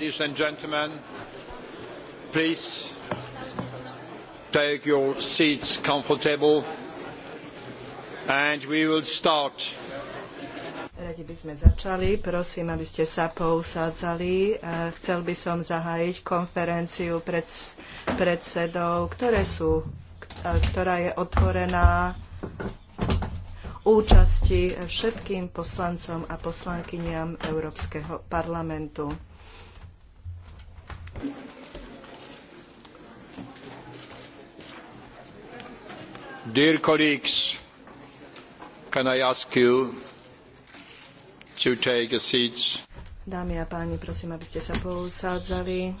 Ladies and gentlemen, please take your seats comfortable and we will start. Radi by sme začali. Prosím, aby ste sa pousádzali. Chcel by som zahájiť konferenciu pred, predsedov, ktoré sú, ktorá je otvorená účasti všetkým poslancom a poslankyniam Európskeho parlamentu. Dear colleagues, can I ask you to take a seat? Dámy a páni, prosím, aby ste sa pousádzali.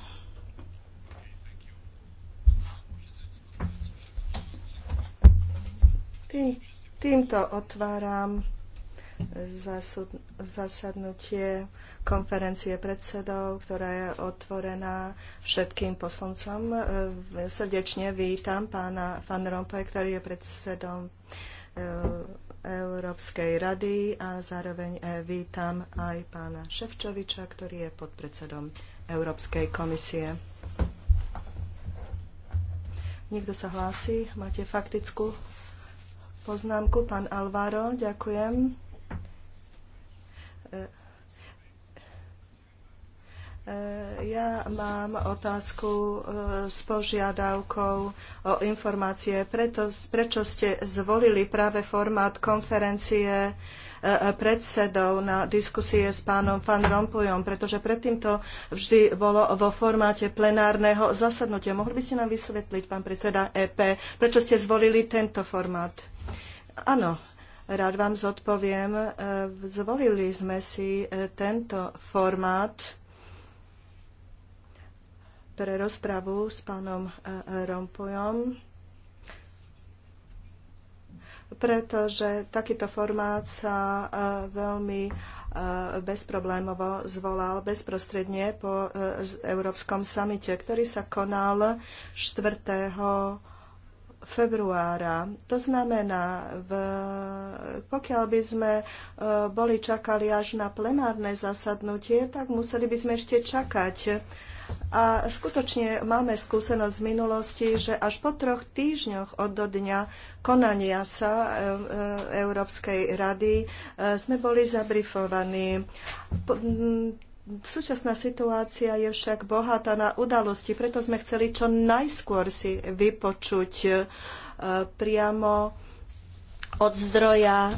Tým, týmto otváram zasadnutie konferencie predsedov, ktorá je otvorená všetkým poslancom. E, srdečne vítam pána Van Rompuy, ktorý je predsedom e, Európskej rady a zároveň e, vítam aj pána Ševčoviča, ktorý je podpredsedom Európskej komisie. Niekto sa hlási? Máte faktickú poznámku? Pán Alvaro, ďakujem. Ja mám otázku e, s požiadavkou o informácie. Preto, prečo ste zvolili práve formát konferencie e, predsedov na diskusie s pánom Van Rompuyom, pretože predtým to vždy bolo vo formáte plenárneho zasadnutia. Mohli by ste nám vysvetliť, pán predseda EP, prečo ste zvolili tento formát? Áno, rád vám zodpoviem. E, zvolili sme si tento formát pre rozpravu s pánom e, Rompujom, pretože takýto formát sa e, veľmi e, bezproblémovo zvolal bezprostredne po Európskom samite, ktorý sa konal 4 februára. To znamená, v, pokiaľ by sme boli čakali až na plenárne zasadnutie, tak museli by sme ešte čakať a skutočne máme skúsenosť z minulosti, že až po troch týždňoch od dňa konania sa e, e, Európskej rady e, sme boli zabrifovaní. Súčasná situácia je však bohatá na udalosti, preto sme chceli čo najskôr si vypočuť priamo od zdroja e,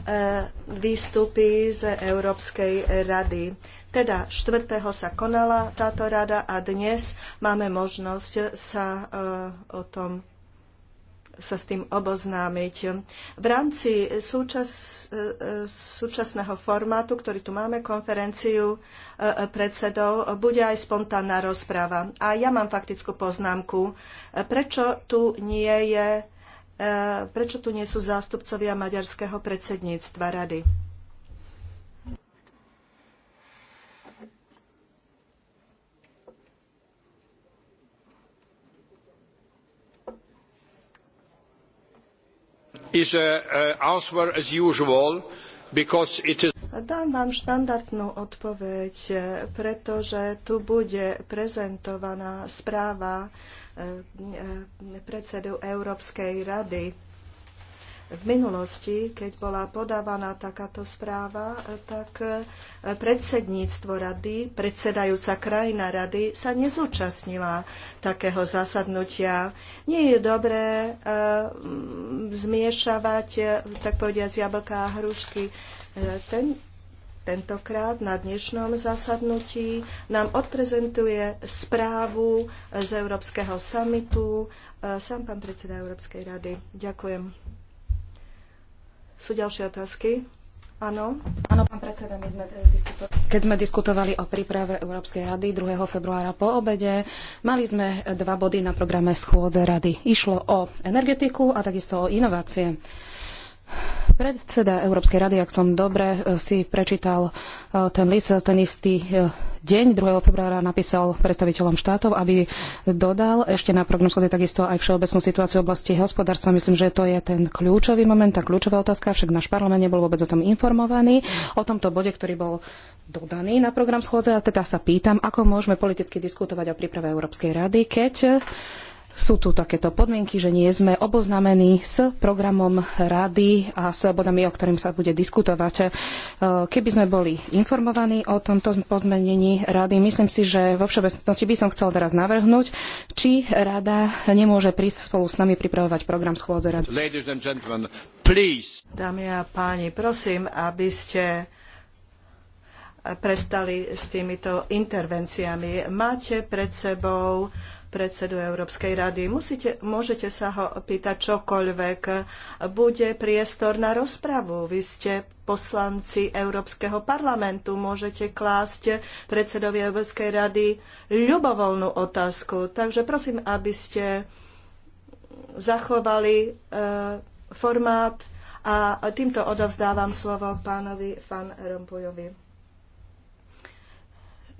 výstupy z Európskej rady. Teda 4. sa konala táto rada a dnes máme možnosť sa e, o tom sa s tým oboznámiť. V rámci súčas, e, súčasného formátu, ktorý tu máme, konferenciu predsedov, bude aj spontánna rozpráva. A ja mám faktickú poznámku. Prečo tu nie je prečo tu nie sú zástupcovia maďarského predsedníctva rady? is an uh, uh, answer as usual because it is Dám vám štandardnú odpoveď, pretože tu bude prezentovaná správa e, e, predsedu Európskej rady. V minulosti, keď bola podávaná takáto správa, e, tak predsedníctvo rady, predsedajúca krajina rady sa nezúčastnila takého zasadnutia. Nie je dobré e, zmiešavať, tak povediať, jablká a hrušky. E, ten, tentokrát na dnešnom zasadnutí nám odprezentuje správu z Európskeho samitu e, sám pán predseda Európskej rady. Ďakujem. Sú ďalšie otázky? Áno. Áno, pán predseda, my sme teda diskutovali. Keď sme diskutovali o príprave Európskej rady 2. februára po obede, mali sme dva body na programe schôdze rady. Išlo o energetiku a takisto o inovácie. Predseda Európskej rady, ak som dobre eh, si prečítal eh, ten list, eh, ten istý deň 2. februára napísal predstaviteľom štátov, aby dodal ešte na program takisto aj všeobecnú situáciu v oblasti hospodárstva. Myslím, že to je ten kľúčový moment, tá kľúčová otázka, však náš parlament nebol vôbec o tom informovaný, o tomto bode, ktorý bol dodaný na program schôdze a teda sa pýtam, ako môžeme politicky diskutovať o príprave Európskej rady, keď sú tu takéto podmienky, že nie sme oboznamení s programom rady a s bodami, o ktorým sa bude diskutovať. E, keby sme boli informovaní o tomto pozmenení rady, myslím si, že vo všeobecnosti by som chcel teraz navrhnúť, či rada nemôže prísť spolu s nami pripravovať program schôdze rady. Dámy a páni, prosím, aby ste prestali s týmito intervenciami. Máte pred sebou predsedu Európskej rady. Musíte, môžete sa ho pýtať čokoľvek. Bude priestor na rozpravu. Vy ste poslanci Európskeho parlamentu. Môžete klásť predsedovi Európskej rady ľubovoľnú otázku. Takže prosím, aby ste zachovali e, formát a týmto odovzdávam slovo pánovi Fan Rompujovi.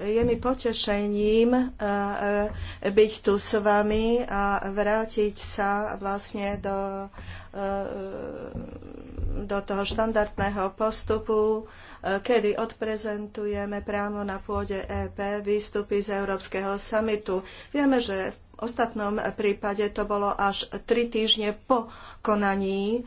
Je mi potešením e, e, byť tu s vami a vrátiť sa vlastne do, e, do toho štandardného postupu, kedy odprezentujeme právo na pôde EP výstupy z Európskeho samitu. Vieme, že v ostatnom prípade to bolo až tri týždne po konaní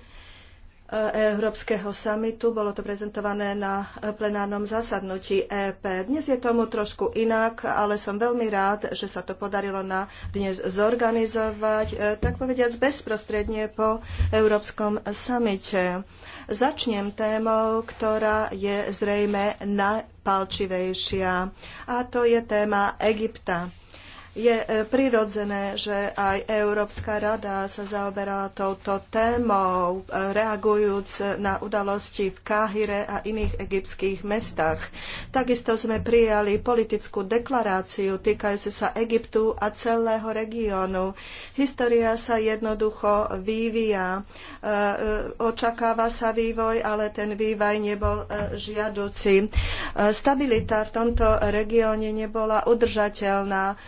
Európskeho samitu. Bolo to prezentované na plenárnom zasadnutí EP. Dnes je tomu trošku inak, ale som veľmi rád, že sa to podarilo na dnes zorganizovať, e, tak povediac bezprostredne po Európskom samite. Začnem témou, ktorá je zrejme najpalčivejšia, a to je téma Egypta je e, prirodzené, že aj Európska rada sa zaoberala touto témou, e, reagujúc na udalosti v Káhire a iných egyptských mestách. Takisto sme prijali politickú deklaráciu týkajúce sa Egyptu a celého regiónu. História sa jednoducho vyvíja. E, očakáva sa vývoj, ale ten vývaj nebol žiaduci. Stabilita v tomto regióne nebola udržateľná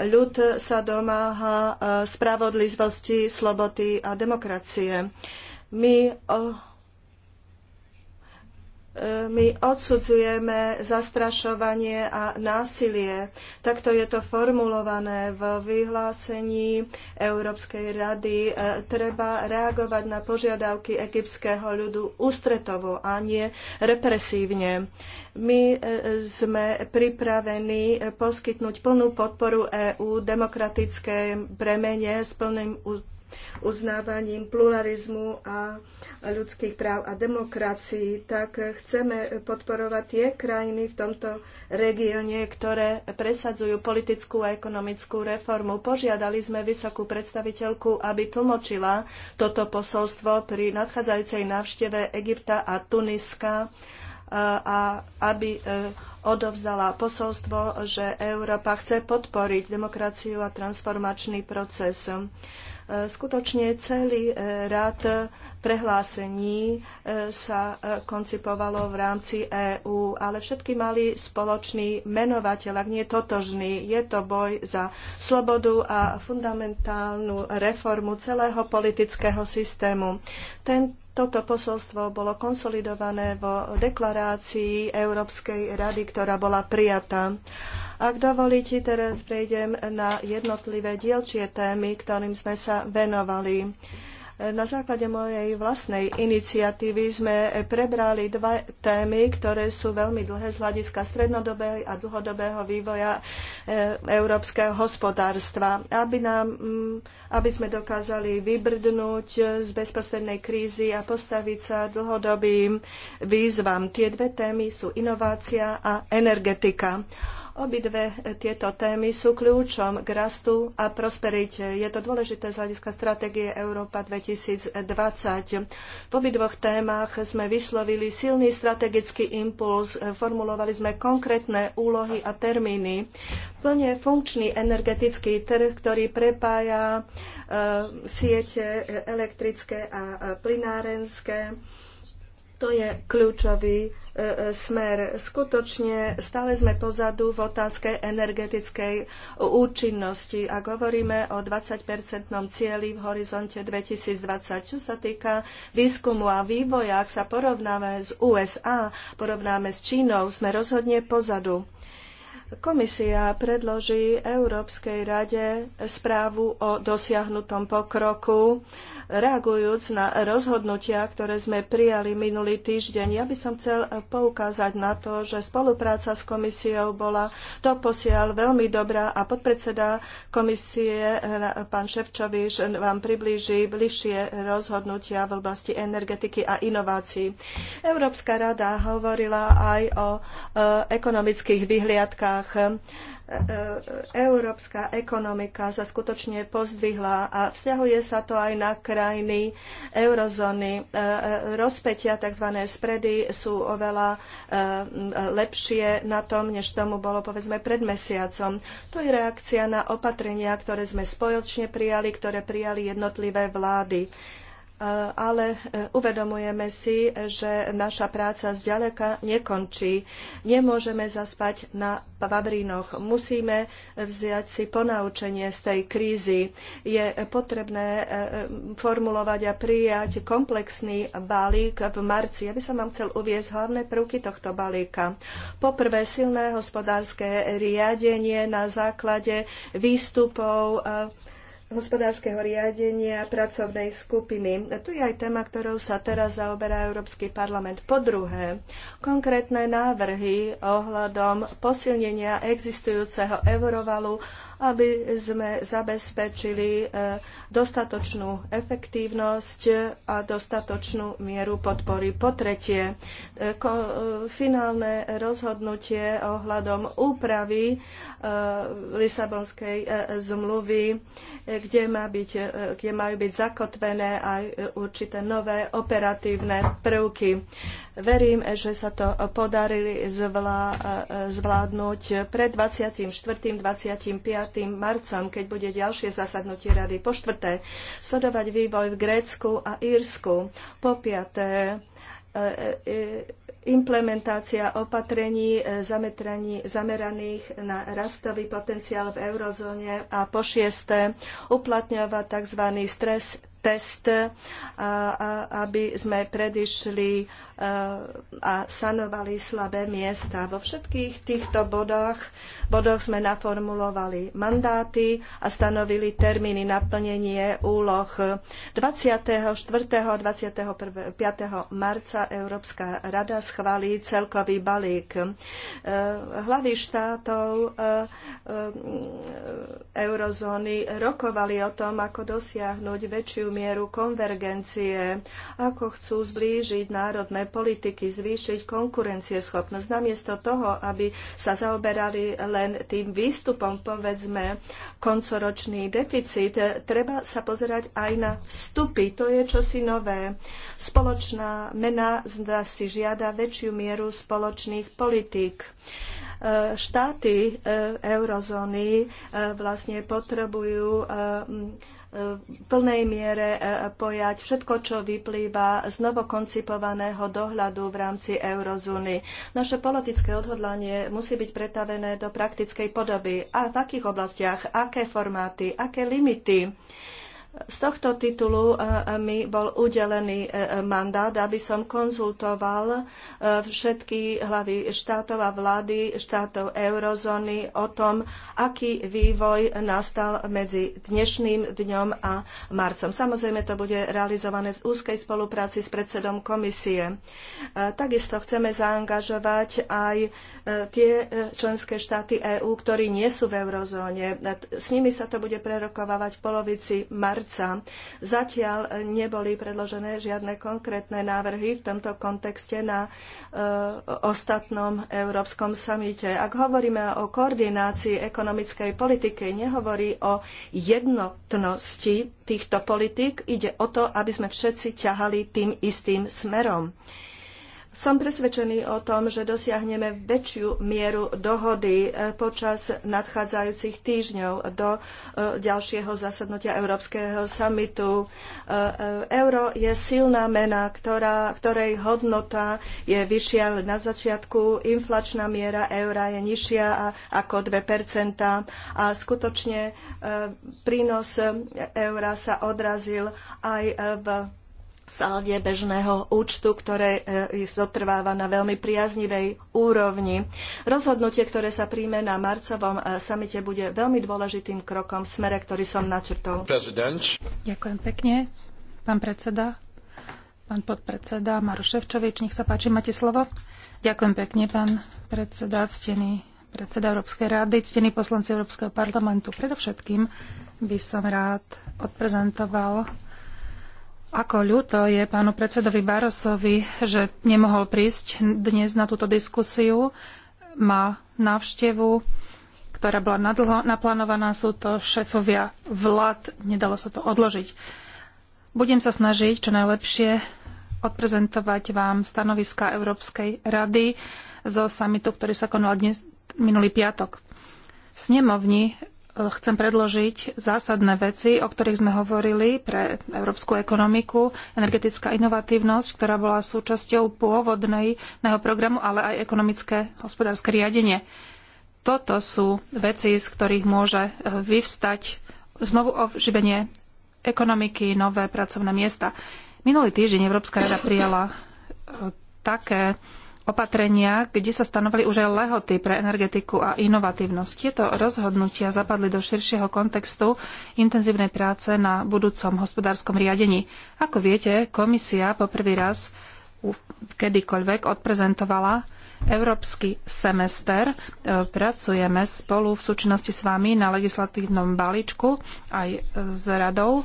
ľud sa domáha e, spravodlivosti, slobody a demokracie. My e, my odsudzujeme zastrašovanie a násilie. Takto je to formulované v vyhlásení Európskej rady. E, treba reagovať na požiadavky egyptského ľudu ústretovo a nie represívne. My e, sme pripravení poskytnúť plnú podporu EÚ demokratické premene s plným uznávaním pluralizmu a ľudských práv a demokracií, tak chceme podporovať tie krajiny v tomto regióne, ktoré presadzujú politickú a ekonomickú reformu. Požiadali sme vysokú predstaviteľku, aby tlmočila toto posolstvo pri nadchádzajúcej návšteve Egypta a Tuniska a aby e, odovzdala posolstvo, že Európa chce podporiť demokraciu a transformačný proces. E, skutočne celý e, rad prehlásení sa koncipovalo v rámci EÚ, ale všetky mali spoločný menovateľ, ak nie totožný. Je to boj za slobodu a fundamentálnu reformu celého politického systému. Tento toto posolstvo bolo konsolidované vo deklarácii Európskej rady, ktorá bola prijatá. Ak dovolíte, teraz prejdem na jednotlivé dielčie témy, ktorým sme sa venovali. Na základe mojej vlastnej iniciatívy sme prebrali dva témy, ktoré sú veľmi dlhé z hľadiska strednodobého a dlhodobého vývoja e, európskeho hospodárstva, aby, nám, mm, aby sme dokázali vybrdnúť z bezprostrednej krízy a postaviť sa dlhodobým výzvam. Tie dve témy sú inovácia a energetika. Obidve eh, tieto témy sú kľúčom k rastu a prosperite. Je to dôležité z hľadiska stratégie Európa 2020. V obidvoch témach sme vyslovili silný strategický impuls, eh, formulovali sme konkrétne úlohy a termíny. Plne funkčný energetický trh, ktorý prepája eh, siete elektrické a plynárenské, to je kľúčový E, e, smer. Skutočne stále sme pozadu v otázke energetickej účinnosti. a hovoríme o 20-percentnom cieli v horizonte 2020, čo sa týka výskumu a vývoja, ak sa porovnáme s USA, porovnáme s Čínou, sme rozhodne pozadu. Komisia predloží Európskej rade správu o dosiahnutom pokroku reagujúc na rozhodnutia, ktoré sme prijali minulý týždeň, ja by som chcel poukázať na to, že spolupráca s komisiou bola doposiaľ veľmi dobrá a podpredseda komisie, eh, pán Ševčovič, vám priblíži bližšie rozhodnutia v oblasti energetiky a inovácií. Európska rada hovorila aj o eh, ekonomických vyhliadkách európska ekonomika sa skutočne pozdvihla a vzťahuje sa to aj na krajiny eurozóny. E, e, Rozpetia tzv. spredy sú oveľa e, lepšie na tom, než tomu bolo povedzme pred mesiacom. To je reakcia na opatrenia, ktoré sme spoločne prijali, ktoré prijali jednotlivé vlády ale e, uvedomujeme si, že naša práca zďaleka nekončí. Nemôžeme zaspať na pavrínoch. Musíme vziať si ponaučenie z tej krízy. Je potrebné e, e, formulovať a prijať komplexný balík v marci. Ja by som vám chcel uviezť hlavné prvky tohto balíka. Poprvé, silné hospodárske riadenie na základe výstupov hospodárskeho riadenia pracovnej skupiny. Tu je aj téma, ktorou sa teraz zaoberá Európsky parlament. Po druhé, konkrétne návrhy ohľadom posilnenia existujúceho eurovalu, aby sme zabezpečili e, dostatočnú efektívnosť a dostatočnú mieru podpory. Po tretie, e, e, finálne rozhodnutie ohľadom úpravy Lisabonskej zmluvy kde, má byť, e, kde majú byť zakotvené aj e, určité nové operatívne prvky. Verím, že sa to podarili zvlá, e, zvládnuť pred 24. 25. marcom, keď bude ďalšie zasadnutie rady. Po štvrté, sledovať vývoj v Grécku a Írsku. Po piaté, implementácia opatrení e, zameraných na rastový potenciál v eurozóne a po šiesté uplatňovať tzv. stres test, aby sme predišli a sanovali slabé miesta. Vo všetkých týchto bodoch, bodoch sme naformulovali mandáty a stanovili termíny naplnenie úloh 24. a 25. marca Európska rada schválí celkový balík. E, hlavy štátov e, e, eurozóny rokovali o tom, ako dosiahnuť väčšiu mieru konvergencie, ako chcú zblížiť národné politiky zvýšiť konkurencieschopnosť. Namiesto toho, aby sa zaoberali len tým výstupom, povedzme, koncoročný deficit, treba sa pozerať aj na vstupy. To je čosi nové. Spoločná mena zda si žiada väčšiu mieru spoločných politík štáty e, eurozóny e, vlastne potrebujú e, plnej miere e, pojať všetko, čo vyplýva z novokoncipovaného dohľadu v rámci eurozóny. Naše politické odhodlanie musí byť pretavené do praktickej podoby. A v akých oblastiach, aké formáty, aké limity z tohto titulu e, e, mi bol udelený e, mandát, aby som konzultoval všetky hlavy štátov a vlády štátov eurozóny o tom, aký vývoj nastal medzi dnešným dňom a marcom. Samozrejme, to bude realizované v úzkej spolupráci s predsedom komisie. Takisto chceme zaangažovať aj tie členské štáty EÚ, ktorí nie sú v eurozóne. S nimi sa to bude prerokovávať v polovici marca srdca. Zatiaľ neboli predložené žiadne konkrétne návrhy v tomto kontexte na eh, ostatnom Európskom samite. Ak hovoríme o koordinácii ekonomickej politiky, nehovorí o jednotnosti týchto politik, ide o to, aby sme všetci ťahali tým istým smerom. Som presvedčený o tom, že dosiahneme väčšiu mieru dohody e, počas nadchádzajúcich týždňov do e, ďalšieho zasadnutia Európskeho samitu. E, euro je silná mena, ktorá, ktorej hodnota je vyššia na začiatku. Inflačná miera eura je nižšia ako 2% a skutočne prínos eura sa odrazil aj v salde bežného účtu, ktoré e, zotrváva na veľmi priaznivej úrovni. Rozhodnutie, ktoré sa príjme na marcovom e, samite, bude veľmi dôležitým krokom v smere, ktorý som načrtol. President. Ďakujem pekne, pán predseda. Pán podpredseda Maroš Ševčovič, nech sa páči, máte slovo. Ďakujem pekne, pán predseda, ctený predseda Európskej rady, ctení poslanci Európskeho parlamentu. Predovšetkým by som rád odprezentoval ako ľúto je pánu predsedovi Barosovi, že nemohol prísť dnes na túto diskusiu. Má návštevu, ktorá bola nadlho naplánovaná. Sú to šéfovia vlád. Nedalo sa to odložiť. Budem sa snažiť čo najlepšie odprezentovať vám stanoviska Európskej rady zo samitu, ktorý sa konal dnes minulý piatok. Snemovni chcem predložiť zásadné veci, o ktorých sme hovorili pre európsku ekonomiku, energetická inovatívnosť, ktorá bola súčasťou pôvodnej programu, ale aj ekonomické hospodárske riadenie. Toto sú veci, z ktorých môže e, vyvstať znovu oživenie ekonomiky, nové pracovné miesta. Minulý týždeň Európska rada prijala e, také opatrenia, kde sa stanovali už aj lehoty pre energetiku a inovatívnosť. Tieto rozhodnutia zapadli do širšieho kontextu intenzívnej práce na budúcom hospodárskom riadení. Ako viete, komisia poprvý raz kedykoľvek odprezentovala Európsky semester. E, pracujeme spolu v súčinnosti s vami na legislatívnom balíčku aj s radou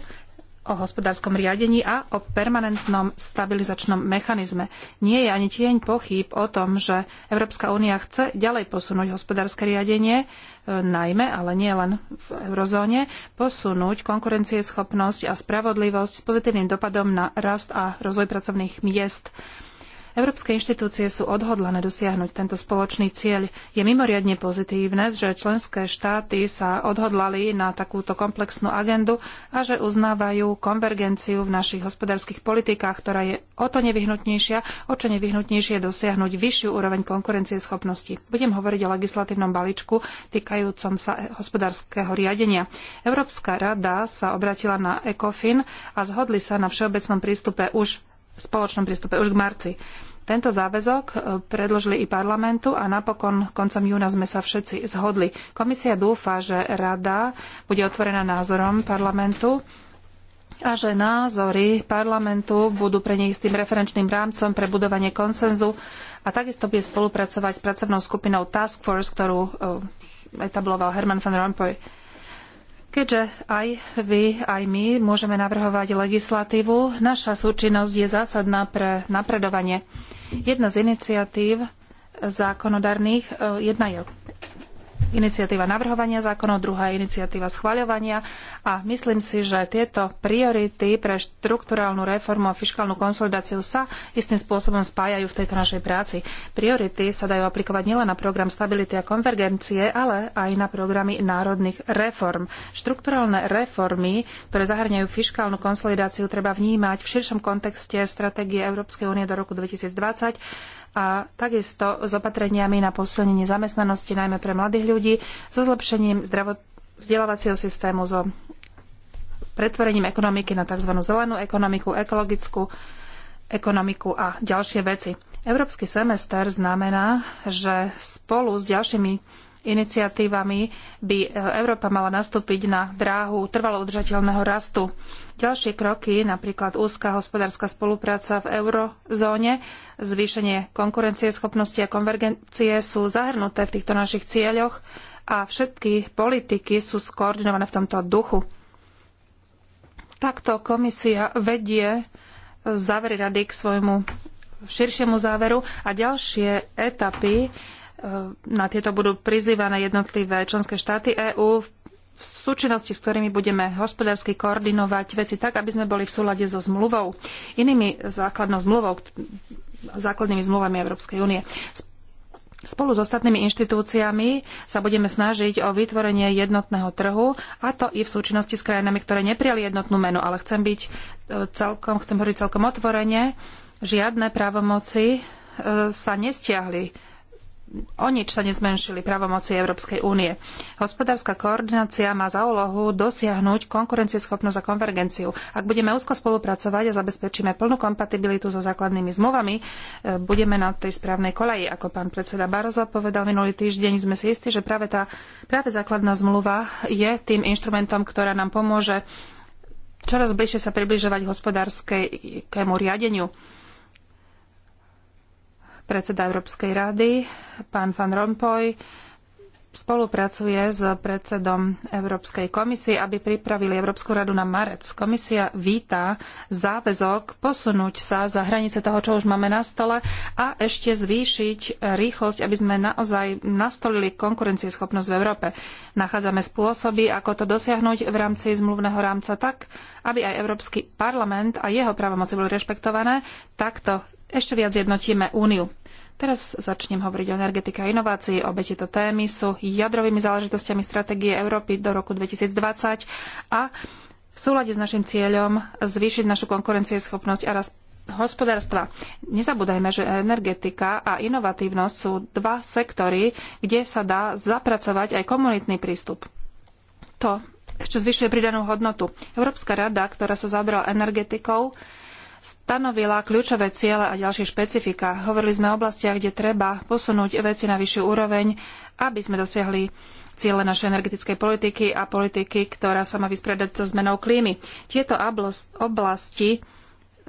o hospodárskom riadení a o permanentnom stabilizačnom mechanizme. Nie je ani tieň pochýb o tom, že Európska únia chce ďalej posunúť hospodárske riadenie, e, najmä, ale nie len v eurozóne, posunúť konkurencieschopnosť a spravodlivosť s pozitívnym dopadom na rast a rozvoj pracovných miest. Európske inštitúcie sú odhodlané dosiahnuť tento spoločný cieľ. Je mimoriadne pozitívne, že členské štáty sa odhodlali na takúto komplexnú agendu a že uznávajú konvergenciu v našich hospodárskych politikách, ktorá je o to nevyhnutnejšia, o čo nevyhnutnejšie dosiahnuť vyššiu úroveň konkurencieschopnosti. Budem hovoriť o legislatívnom balíčku týkajúcom sa hospodárskeho riadenia. Európska rada sa obratila na ECOFIN a zhodli sa na všeobecnom prístupe už spoločnom prístupe už k marci. Tento záväzok e, predložili i parlamentu a napokon koncom júna sme sa všetci zhodli. Komisia dúfa, že rada bude otvorená názorom parlamentu a že názory parlamentu budú pre nej istým referenčným rámcom pre budovanie konsenzu a takisto bude spolupracovať s pracovnou skupinou Task Force, ktorú e, etabloval Herman van Rompuy. Keďže aj vy, aj my môžeme navrhovať legislatívu, naša súčinnosť je zásadná pre napredovanie. Jedna z iniciatív zákonodarných, e, jedna je iniciatíva navrhovania zákonov, druhá je iniciatíva schvaľovania a myslím si, že tieto priority pre štrukturálnu reformu a fiskálnu konsolidáciu sa istým spôsobom spájajú v tejto našej práci. Priority sa dajú aplikovať nielen na program stability a konvergencie, ale aj na programy národných reform. Štrukturálne reformy, ktoré zahrňajú fiskálnu konsolidáciu, treba vnímať v širšom kontexte stratégie Európskej únie do roku 2020 a takisto s opatreniami na posilnenie zamestnanosti, najmä pre mladých ľudí, so zlepšením vzdelávacieho systému, so pretvorením ekonomiky na tzv. zelenú ekonomiku, ekologickú ekonomiku a ďalšie veci. Európsky semester znamená, že spolu s ďalšími iniciatívami by Európa mala nastúpiť na dráhu trvalo udržateľného rastu. Ďalšie kroky, napríklad úzka hospodárska spolupráca v eurozóne, zvýšenie konkurencieschopnosti a konvergencie sú zahrnuté v týchto našich cieľoch a všetky politiky sú skoordinované v tomto duchu. Takto komisia vedie závery rady k svojmu širšiemu záveru a ďalšie etapy eh, na tieto budú prizývané jednotlivé členské štáty EÚ v v súčinnosti, s ktorými budeme hospodársky koordinovať veci tak, aby sme boli v súlade so zmluvou, inými základnou zmluvou, základnými zmluvami Európskej únie. Spolu s ostatnými inštitúciami sa budeme snažiť o vytvorenie jednotného trhu, a to i v súčinnosti s krajinami, ktoré neprijali jednotnú menu, ale chcem byť e, celkom, chcem hovoriť celkom otvorene, žiadne právomoci e, sa nestiahli o nič sa nezmenšili právomoci Európskej únie. Hospodárska koordinácia má za úlohu dosiahnuť konkurencieschopnosť a konvergenciu. Ak budeme úzko spolupracovať a zabezpečíme plnú kompatibilitu so základnými zmluvami, e, budeme na tej správnej koleji. Ako pán predseda Barozo povedal minulý týždeň, sme si istí, že práve tá práve základná zmluva je tým inštrumentom, ktorá nám pomôže čoraz bližšie sa približovať hospodárskému riadeniu predseda Európskej rady, pán Van Rompuy, spolupracuje s predsedom Európskej komisie, aby pripravili Európsku radu na marec. Komisia víta záväzok posunúť sa za hranice toho, čo už máme na stole a ešte zvýšiť rýchlosť, aby sme naozaj nastolili konkurencieschopnosť v Európe. Nachádzame spôsoby, ako to dosiahnuť v rámci zmluvného rámca tak, aby aj Európsky parlament a jeho právomoci boli rešpektované. Takto ešte viac jednotíme úniu. Teraz začnem hovoriť o energetike a inovácii. Obe tieto témy sú jadrovými záležitostiami stratégie Európy do roku 2020 a v súlade s našim cieľom zvýšiť našu konkurencieschopnosť a rast hospodárstva. Nezabúdajme, že energetika a inovatívnosť sú dva sektory, kde sa dá zapracovať aj komunitný prístup. To ešte zvyšuje pridanú hodnotu. Európska rada, ktorá sa zabrala energetikou, stanovila kľúčové ciele a ďalšie špecifika. Hovorili sme o oblastiach, kde treba posunúť veci na vyššiu úroveň, aby sme dosiahli ciele našej energetickej politiky a politiky, ktorá sa má vyspredať so zmenou klímy. Tieto oblasti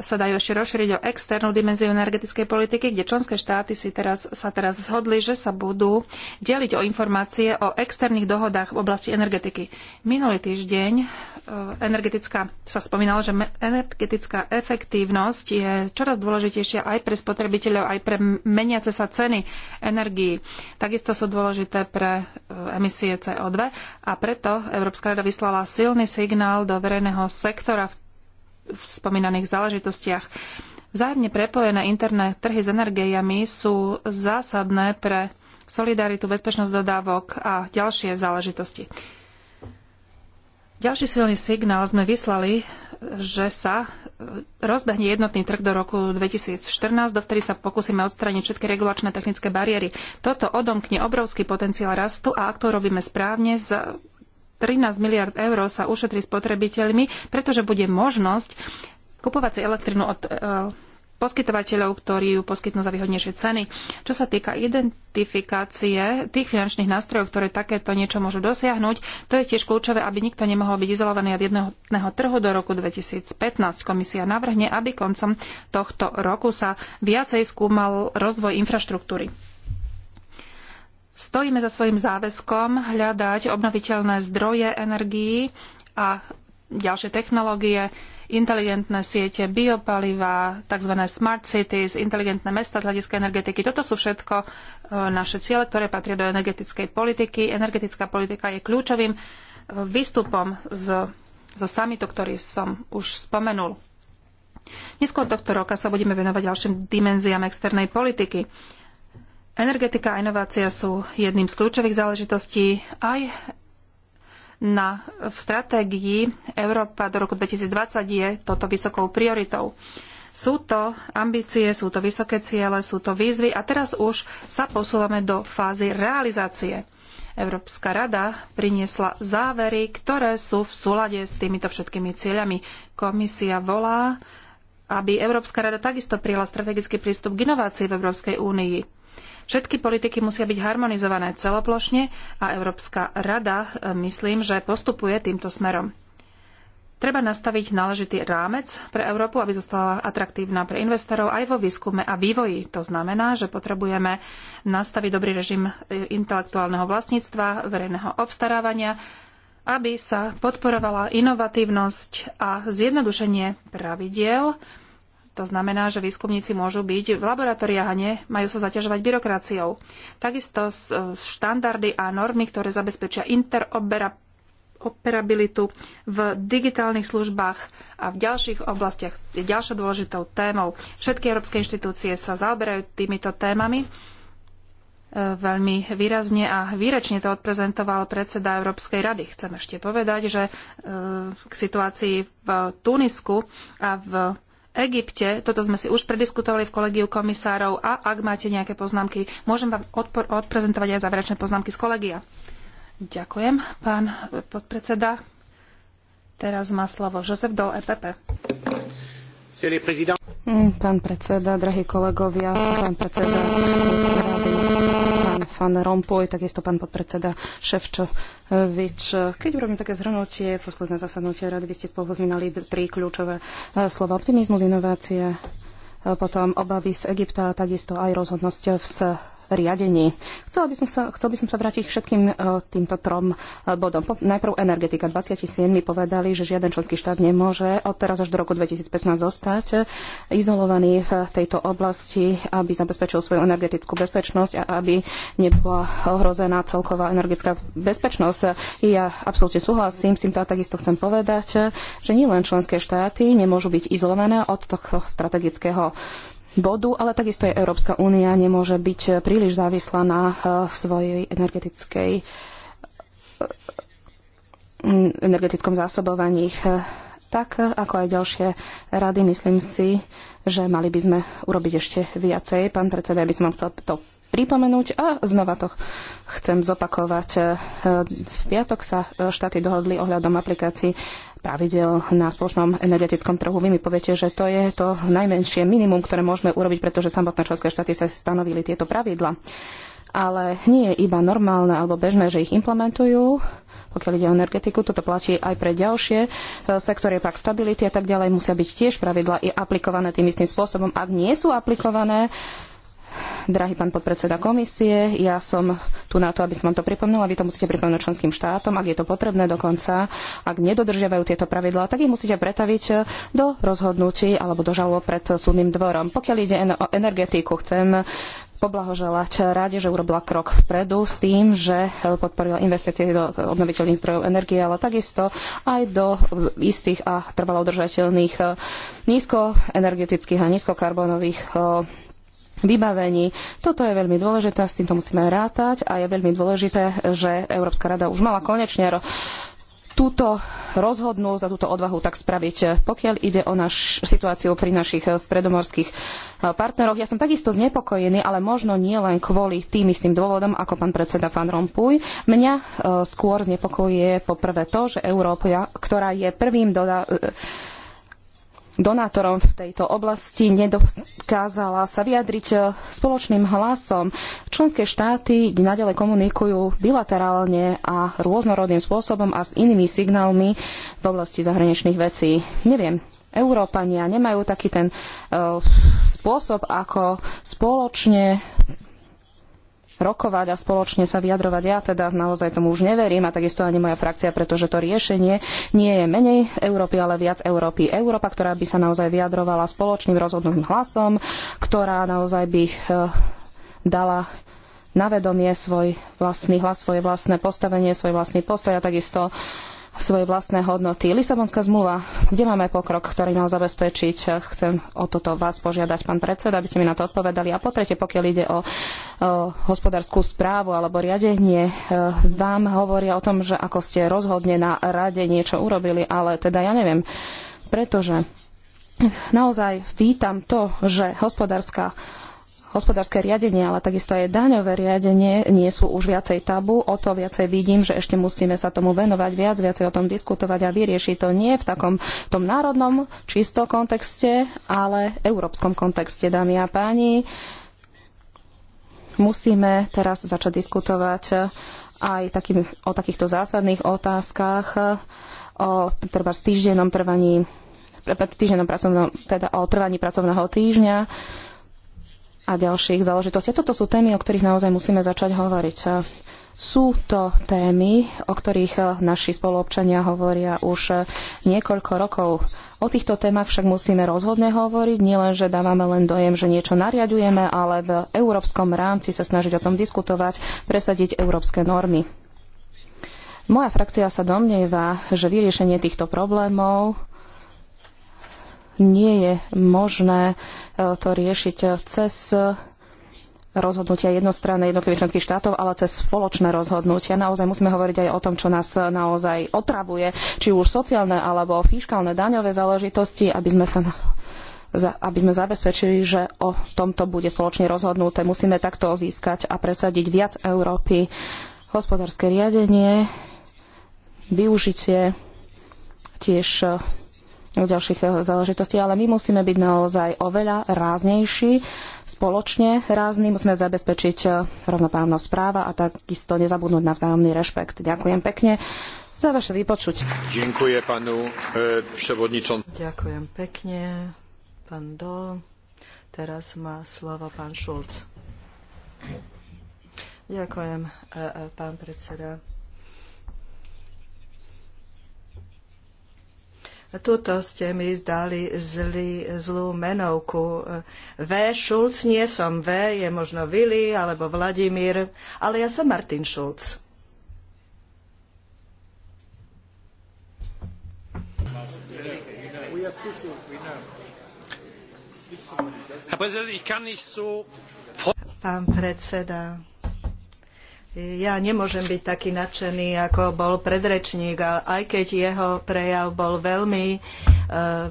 sa dajú ešte rozšíriť o externú dimenziu energetickej politiky, kde členské štáty si teraz, sa teraz zhodli, že sa budú deliť o informácie o externých dohodách v oblasti energetiky. Minulý týždeň e, energetická, sa spomínalo, že energetická efektívnosť je čoraz dôležitejšia aj pre spotrebiteľov, aj pre meniace sa ceny energií. Takisto sú dôležité pre e, emisie CO2 a preto Európska rada vyslala silný signál do verejného sektora v v spomínaných záležitostiach. Vzájomne prepojené interné trhy s energiami sú zásadné pre solidaritu, bezpečnosť dodávok a ďalšie záležitosti. Ďalší silný signál sme vyslali, že sa rozbehne jednotný trh do roku 2014, dovtedy sa pokúsime odstrániť všetky regulačné technické bariéry. Toto odomkne obrovský potenciál rastu a ak to robíme správne, 13 miliard eur sa ušetrí spotrebiteľmi, pretože bude možnosť kupovať si elektrinu od e, poskytovateľov, ktorí ju poskytnú za výhodnejšie ceny. Čo sa týka identifikácie tých finančných nástrojov, ktoré takéto niečo môžu dosiahnuť, to je tiež kľúčové, aby nikto nemohol byť izolovaný od jedného trhu do roku 2015. Komisia navrhne, aby koncom tohto roku sa viacej skúmal rozvoj infraštruktúry. Stojíme za svojim záväzkom hľadať obnoviteľné zdroje energií a ďalšie technológie, inteligentné siete, biopaliva, tzv. smart cities, inteligentné mesta z hľadiska energetiky. Toto sú všetko e, naše ciele, ktoré patria do energetickej politiky. Energetická politika je kľúčovým e, výstupom z, zo samitu, ktorý som už spomenul. Neskôr tohto roka sa budeme venovať ďalším dimenziám externej politiky. Energetika a inovácia sú jedným z kľúčových záležitostí aj na, v stratégii Európa do roku 2020 je toto vysokou prioritou. Sú to ambície, sú to vysoké ciele, sú to výzvy a teraz už sa posúvame do fázy realizácie. Európska rada priniesla závery, ktoré sú v súlade s týmito všetkými cieľami. Komisia volá, aby Európska rada takisto prijala strategický prístup k inovácii v Európskej únii Všetky politiky musia byť harmonizované celoplošne a Európska rada, e, myslím, že postupuje týmto smerom. Treba nastaviť náležitý rámec pre Európu, aby zostala atraktívna pre investorov aj vo výskume a vývoji. To znamená, že potrebujeme nastaviť dobrý režim e, intelektuálneho vlastníctva, verejného obstarávania, aby sa podporovala inovatívnosť a zjednodušenie pravidiel, to znamená, že výskumníci môžu byť v laboratóriách a nie majú sa zaťažovať byrokraciou. Takisto e, štandardy a normy, ktoré zabezpečia interoperabilitu v digitálnych službách a v ďalších oblastiach je ďalšou dôležitou témou. Všetky európske inštitúcie sa zaoberajú týmito témami. E, veľmi výrazne a výrečne to odprezentoval predseda Európskej rady. Chcem ešte povedať, že e, k situácii v Tunisku a v Egypte, toto sme si už prediskutovali v kolegiu komisárov a ak máte nejaké poznámky, môžem vám odprezentovať aj záverečné poznámky z kolegia. Ďakujem, pán podpredseda. Teraz má slovo Josef Dol, EPP. Pán predseda, drahí kolegovia, pán predseda pán Van Rompuy, takisto pán podpredseda Ševčovič. Keď urobím také zhrnutie, posledné zasadnutie rady, by ste spomínali tri kľúčové e, slova. Optimizmus, inovácie, e, potom obavy z Egypta, takisto aj rozhodnosť v riadení. Chcela by som sa, chcel by som sa vrátiť všetkým e, týmto trom e, bodom. Najprv energetika. 27 povedali, že žiaden členský štát nemôže od teraz až do roku 2015 zostať e, izolovaný v tejto oblasti, aby zabezpečil svoju energetickú bezpečnosť a aby nebola ohrozená celková energetická bezpečnosť. Ja absolútne súhlasím s týmto a takisto chcem povedať, že nielen členské štáty nemôžu byť izolované od tohto strategického bodu, ale takisto aj Európska únia nemôže byť eh, príliš závislá na eh, svojej energetickej eh, energetickom zásobovaní. Tak ako aj ďalšie rady, myslím si, že mali by sme urobiť ešte viacej. Pán predseda, ja by som vám chcel to pripomenúť a znova to chcem zopakovať. V piatok sa štáty dohodli ohľadom aplikácií pravidel na spoločnom energetickom trhu. Vy mi poviete, že to je to najmenšie minimum, ktoré môžeme urobiť, pretože samotné členské štáty sa stanovili tieto pravidla. Ale nie je iba normálne alebo bežné, že ich implementujú, pokiaľ ide o energetiku, toto platí aj pre ďalšie e, sektory, pak stability a tak ďalej, musia byť tiež pravidla i aplikované tým istým spôsobom. Ak nie sú aplikované, drahý pán podpredseda komisie, ja som tu na to, aby som vám to pripomnula, vy to musíte pripomnúť členským štátom, ak je to potrebné dokonca, ak nedodržiavajú tieto pravidlá, tak ich musíte pretaviť do rozhodnutí alebo do žalob pred súdnym dvorom. Pokiaľ ide o energetiku, chcem poblahoželať ráde, že urobila krok vpredu s tým, že podporila investície do obnoviteľných zdrojov energie, ale takisto aj do istých a trvalo udržateľných nízkoenergetických a nízkokarbonových vybavení. Toto je veľmi dôležité, s týmto musíme rátať a je veľmi dôležité, že Európska rada už mala konečne túto rozhodnú za túto odvahu tak spraviť. Pokiaľ ide o naš, situáciu pri našich eh, stredomorských eh, partneroch, ja som takisto znepokojený, ale možno nie len kvôli tým istým dôvodom, ako pán predseda Van Rompuy. Mňa eh, skôr znepokojuje poprvé to, že Európa, ktorá je prvým doda- donátorom v tejto oblasti, nedokázala sa vyjadriť spoločným hlasom. Členské štáty nadalej komunikujú bilaterálne a rôznorodným spôsobom a s inými signálmi v oblasti zahraničných vecí. Neviem, Európania nemajú taký ten uh, spôsob, ako spoločne rokovať a spoločne sa vyjadrovať. Ja teda naozaj tomu už neverím a takisto ani moja frakcia, pretože to riešenie nie je menej Európy, ale viac Európy. Európa, ktorá by sa naozaj vyjadrovala spoločným rozhodným hlasom, ktorá naozaj by eh, dala na vedomie svoj vlastný hlas, svoje vlastné postavenie, svoj vlastný postoj a takisto svoje vlastné hodnoty. Lisabonská zmluva, kde máme pokrok, ktorý mal zabezpečiť? Eh, chcem o toto vás požiadať, pán predseda, aby ste mi na to odpovedali. A po tretie, pokiaľ ide o, o hospodárskú správu alebo riadenie, eh, vám hovoria o tom, že ako ste rozhodne na rade niečo urobili, ale teda ja neviem, pretože naozaj vítam to, že hospodárska hospodárske riadenie, ale takisto aj daňové riadenie nie sú už viacej tabu. O to viacej vidím, že ešte musíme sa tomu venovať viac, viacej o tom diskutovať a vyriešiť to nie v takom tom národnom čisto kontexte, ale európskom kontexte, dámy a páni. Musíme teraz začať diskutovať aj takým, o takýchto zásadných otázkach, o treba s týždennom trvaní, týždennom pracovnom, teda o trvaní pracovného týždňa a ďalších záležitostí. Toto sú témy, o ktorých naozaj musíme začať hovoriť. Sú to témy, o ktorých naši spoluobčania hovoria už niekoľko rokov. O týchto témach však musíme rozhodne hovoriť, nielen, že dávame len dojem, že niečo nariadujeme, ale v európskom rámci sa snažiť o tom diskutovať, presadiť európske normy. Moja frakcia sa domnieva, že vyriešenie týchto problémov nie je možné e, to riešiť e, cez e, rozhodnutia jednostranné jednotlivých členských štátov, ale cez spoločné rozhodnutia. Naozaj musíme hovoriť aj o tom, čo nás naozaj otravuje, či už sociálne alebo fiškálne daňové záležitosti, aby sme sa aby sme zabezpečili, že o tomto bude spoločne rozhodnuté. Musíme takto získať a presadiť viac Európy, hospodárske riadenie, využitie tiež ďalších eh, záležitostí, ale my musíme byť naozaj oveľa ráznejší, spoločne rázni, musíme zabezpečiť eh, rovnoprávnosť práva a takisto nezabudnúť na vzájomný rešpekt. Ďakujem pekne za vaše vypočuť. Ďakujem panu e, Převodničom. Ďakujem pekne, pán Dol. Teraz má slovo pán Šulc. Ďakujem, e, e, pán predseda. Tuto ste mi zdali zlý, zlú menovku. V. Šulc nie som V, je možno Vili alebo Vladimír, ale ja som Martin Šulc. Pán predseda, ja nemôžem byť taký nadšený, ako bol predrečník, aj keď jeho prejav bol veľmi, e,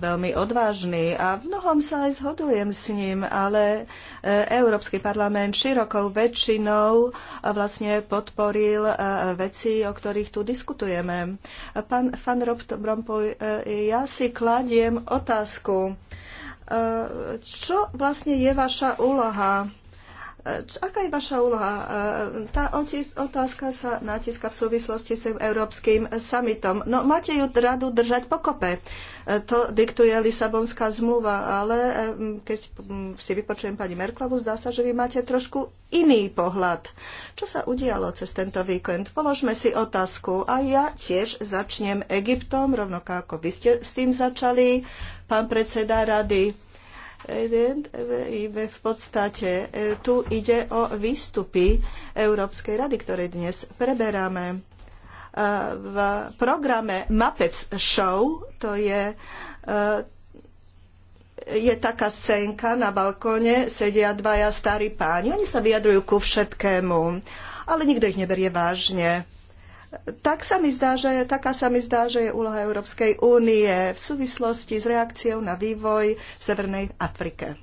veľmi odvážny a v mnohom sa aj zhodujem s ním, ale e, Európsky parlament širokou väčšinou e, vlastne podporil veci, o ktorých tu diskutujeme. Pán Fan Rompuy, ja si kladiem otázku, čo vlastne je vaša úloha Aká je vaša úloha? E, tá otázka sa natiska v súvislosti s Európskym summitom. No, máte ju radu držať pokope. E, to diktuje Lisabonská zmluva, ale e, keď si vypočujem pani Merklavu, zdá sa, že vy máte trošku iný pohľad. Čo sa udialo cez tento víkend? Položme si otázku a ja tiež začnem Egyptom, rovnako ako vy ste s tým začali, pán predseda rady E e v podstate e, tu ide o výstupy Európskej rady, ktoré dnes preberáme. V programe Muppets Show, to je je taká scénka na balkóne, sedia dvaja starí páni, oni sa vyjadrujú ku všetkému, ale nikto ich neberie vážne tak sa mi zdá, že, taká sa mi zdá, že je úloha Európskej únie v súvislosti s reakciou na vývoj v Severnej Afrike.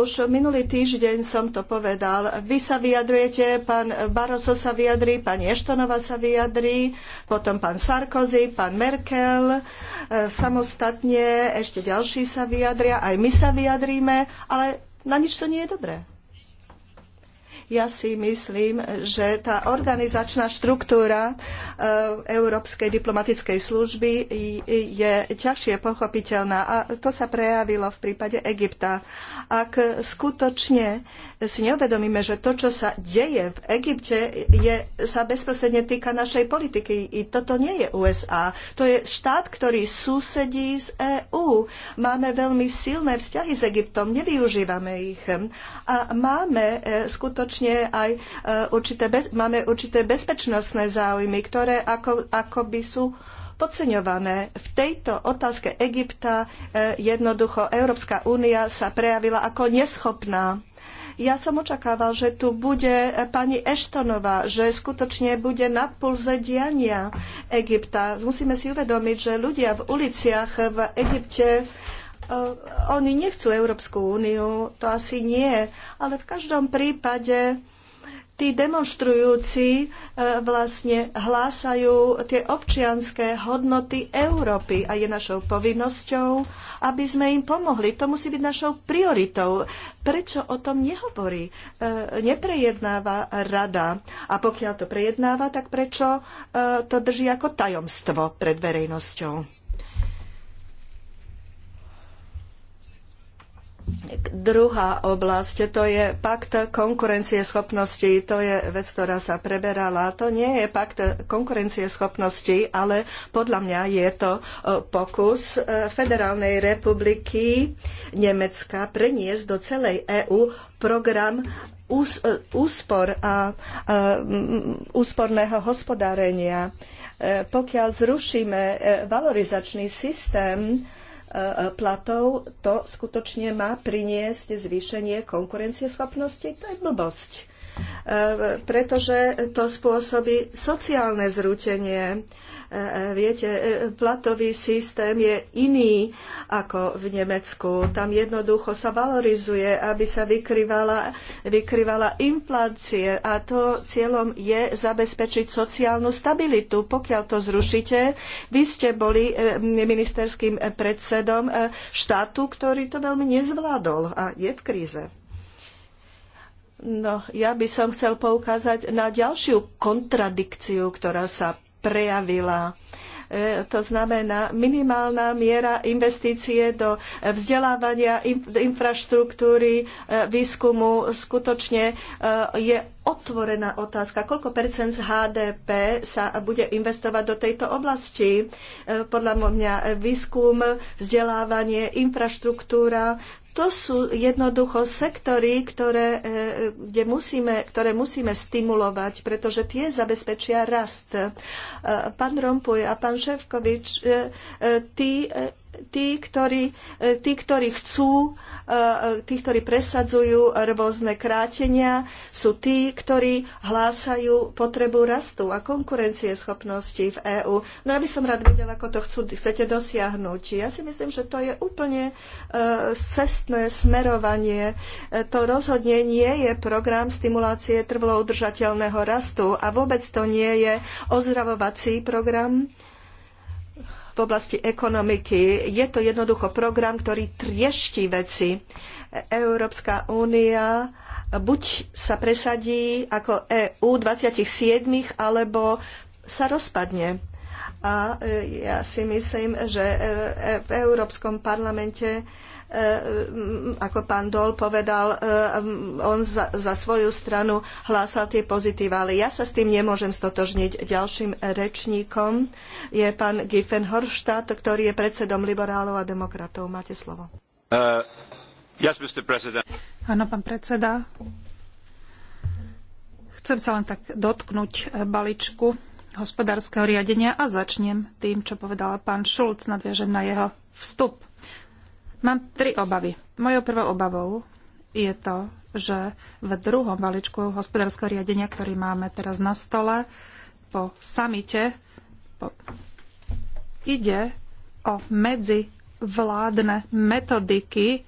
Už minulý týždeň som to povedal. Vy sa vyjadrujete, pán Barroso sa vyjadrí, pani Eštonova sa vyjadrí, potom pán Sarkozy, pán Merkel, e, samostatne ešte ďalší sa vyjadria, aj my sa vyjadríme, ale na nič to nie je dobré ja si myslím, že tá organizačná štruktúra e, Európskej diplomatickej služby je ťažšie pochopiteľná a to sa prejavilo v prípade Egypta. Ak skutočne si neuvedomíme, že to, čo sa deje v Egypte, je, sa bezprostredne týka našej politiky. I toto nie je USA. To je štát, ktorý susedí z EÚ. Máme veľmi silné vzťahy s Egyptom, nevyužívame ich. A máme e, skutočne spoločne aj e, určité, máme určité bezpečnostné záujmy, ktoré ako, akoby sú podceňované. V tejto otázke Egypta e, jednoducho Európska únia sa prejavila ako neschopná. Ja som očakával, že tu bude pani Eštonová, že skutočne bude na pulze diania Egypta. Musíme si uvedomiť, že ľudia v uliciach v Egypte Eh, oni nechcú Európsku úniu, to asi nie, ale v každom prípade tí demonstrujúci eh, vlastne hlásajú tie občianské hodnoty Európy a je našou povinnosťou, aby sme im pomohli. To musí byť našou prioritou. Prečo o tom nehovorí? Eh, neprejednáva rada. A pokiaľ to prejednáva, tak prečo to drží ako tajomstvo pred verejnosťou? Druhá oblasť, to je pakt konkurencieschopnosti. To je vec, ktorá sa preberala. To nie je pakt konkurencieschopnosti, ale podľa mňa je to e, pokus e, Federálnej republiky Nemecka preniesť do celej EÚ program e, úspor a úsporného hospodárenia. Pokiaľ zrušíme valorizačný systém, platov, to skutočne má priniesť zvýšenie konkurencieschopnosti? To je blbosť. E, pretože to spôsobí sociálne zrútenie Viete, e, platový systém je iný ako v Nemecku. Tam jednoducho sa valorizuje, aby sa vykryvala, vykryvala inflácie a to cieľom je zabezpečiť sociálnu stabilitu. Pokiaľ to zrušíte, vy ste boli e, ministerským predsedom e, štátu, ktorý to veľmi nezvládol a je v kríze. No, ja by som chcel poukázať na ďalšiu kontradikciu, ktorá sa prejavila. E, to znamená minimálna miera investície do vzdelávania, infraštruktúry, e, výskumu skutočne e, je otvorená otázka, koľko percent z HDP sa bude investovať do tejto oblasti. E, podľa mňa výskum, vzdelávanie, infraštruktúra, to sú jednoducho sektory, ktoré, e, kde musíme, ktoré musíme stimulovať, pretože tie zabezpečia rast. E, pán Rompuj a pán Ševkovič, tí tí, ktorí, e, tí, ktorí chcú, e, e, tí, ktorí presadzujú rôzne krátenia, sú tí, ktorí hlásajú potrebu rastu a konkurencieschopnosti v EÚ. No ja by som rád vedela, ako to chcú, chcete dosiahnuť. Ja si myslím, že to je úplne cestné smerovanie. To rozhodne nie je program stimulácie trvalo udržateľného rastu a vôbec to nie je ozdravovací program v oblasti ekonomiky. Je to jednoducho program, ktorý triešti veci. Európska únia buď sa presadí ako EU 27, alebo sa rozpadne. A e, ja si myslím, že e, e, v Európskom parlamente Eh, ako pán Dol povedal, eh, on za, za svoju stranu hlásal tie pozitíva, ale ja sa s tým nemôžem stotožniť. Ďalším rečníkom je pán Giffen ktorý je predsedom liberálov a demokratov. Máte slovo. Uh, yes, Áno, pán predseda. Chcem sa len tak dotknúť balíčku hospodárskeho riadenia a začnem tým, čo povedal pán Šulc, nadviažem na jeho vstup. Mám tri obavy. Mojou prvou obavou je to, že v druhom balíčku hospodárskeho riadenia, ktorý máme teraz na stole, po samite po... ide o medzivládne metodiky,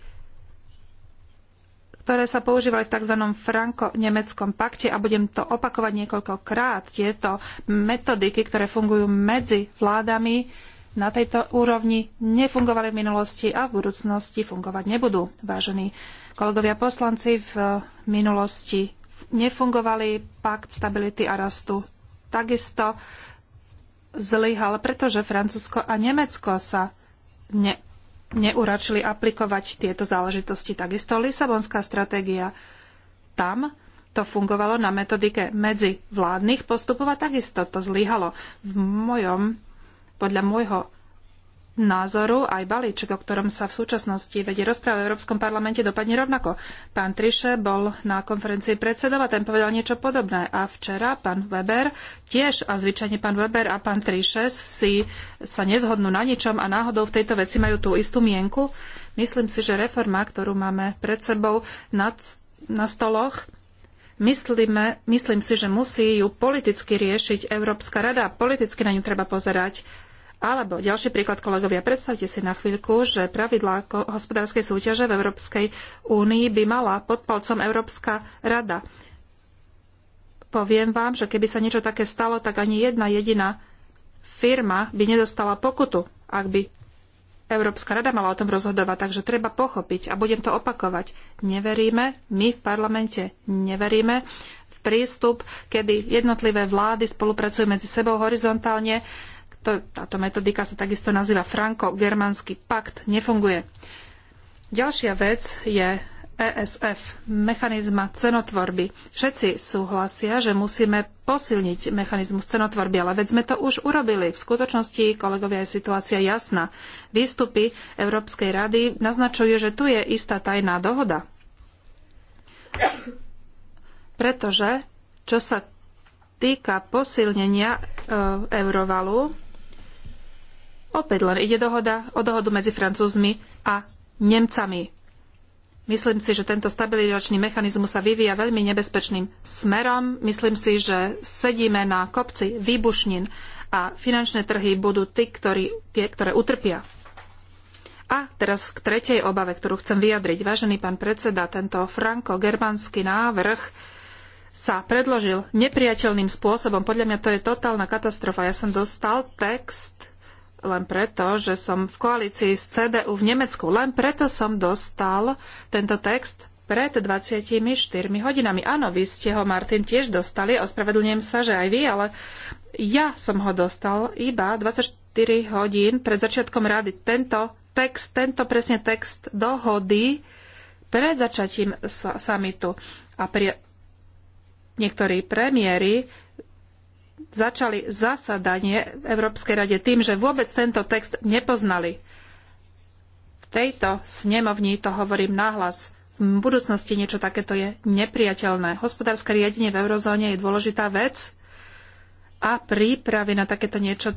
ktoré sa používali v tzv. franko-nemeckom pakte a budem to opakovať niekoľkokrát. Tieto metodiky, ktoré fungujú medzi vládami, na tejto úrovni nefungovali v minulosti a v budúcnosti fungovať nebudú. Vážení kolegovia poslanci, v minulosti nefungovali pakt stability a rastu takisto zlyhal, pretože Francúzsko a Nemecko sa ne, neuračili aplikovať tieto záležitosti. Takisto Lisabonská stratégia tam to fungovalo na metodike medzivládnych postupov a takisto to zlyhalo. V mojom podľa môjho názoru aj balíček, o ktorom sa v súčasnosti vedie rozpráva v Európskom parlamente, dopadne rovnako. Pán Triše bol na konferencii predsedov a ten povedal niečo podobné. A včera pán Weber tiež, a zvyčajne pán Weber a pán Triše si sa nezhodnú na ničom a náhodou v tejto veci majú tú istú mienku. Myslím si, že reforma, ktorú máme pred sebou nad, na stoloch, Myslíme, myslím si, že musí ju politicky riešiť Európska rada. Politicky na ňu treba pozerať alebo ďalší príklad, kolegovia, predstavte si na chvíľku, že pravidlá hospodárskej súťaže v Európskej únii by mala pod palcom Európska rada. Poviem vám, že keby sa niečo také stalo, tak ani jedna jediná firma by nedostala pokutu, ak by Európska rada mala o tom rozhodovať. Takže treba pochopiť a budem to opakovať. Neveríme, my v parlamente neveríme v prístup, kedy jednotlivé vlády spolupracujú medzi sebou horizontálne to, táto metodika sa takisto nazýva Franko-Germánsky pakt, nefunguje. Ďalšia vec je ESF, mechanizma cenotvorby. Všetci súhlasia, že musíme posilniť mechanizmus cenotvorby, ale veď sme to už urobili. V skutočnosti, kolegovia, je situácia jasná. Výstupy Európskej rady naznačujú, že tu je istá tajná dohoda. Pretože, čo sa týka posilnenia e, eurovalu, Opäť len ide dohoda, o dohodu medzi Francúzmi a Nemcami. Myslím si, že tento stabilizačný mechanizmus sa vyvíja veľmi nebezpečným smerom. Myslím si, že sedíme na kopci výbušnín a finančné trhy budú tí, ktorí, tie, ktoré utrpia. A teraz k tretej obave, ktorú chcem vyjadriť. Vážený pán predseda, tento franko germanský návrh sa predložil nepriateľným spôsobom. Podľa mňa to je totálna katastrofa. Ja som dostal text len preto, že som v koalícii s CDU v Nemecku. Len preto som dostal tento text pred 24 hodinami. Áno, vy ste ho, Martin, tiež dostali. Ospravedlňujem sa, že aj vy, ale ja som ho dostal iba 24 hodín pred začiatkom rady. Tento text, tento presne text dohody pred začatím samitu. A pri niektorí premiéry začali zasadanie v Európskej rade tým, že vôbec tento text nepoznali. V tejto snemovni to hovorím nahlas. V budúcnosti niečo takéto je nepriateľné. Hospodárske riadenie v eurozóne je dôležitá vec a prípravy na takéto niečo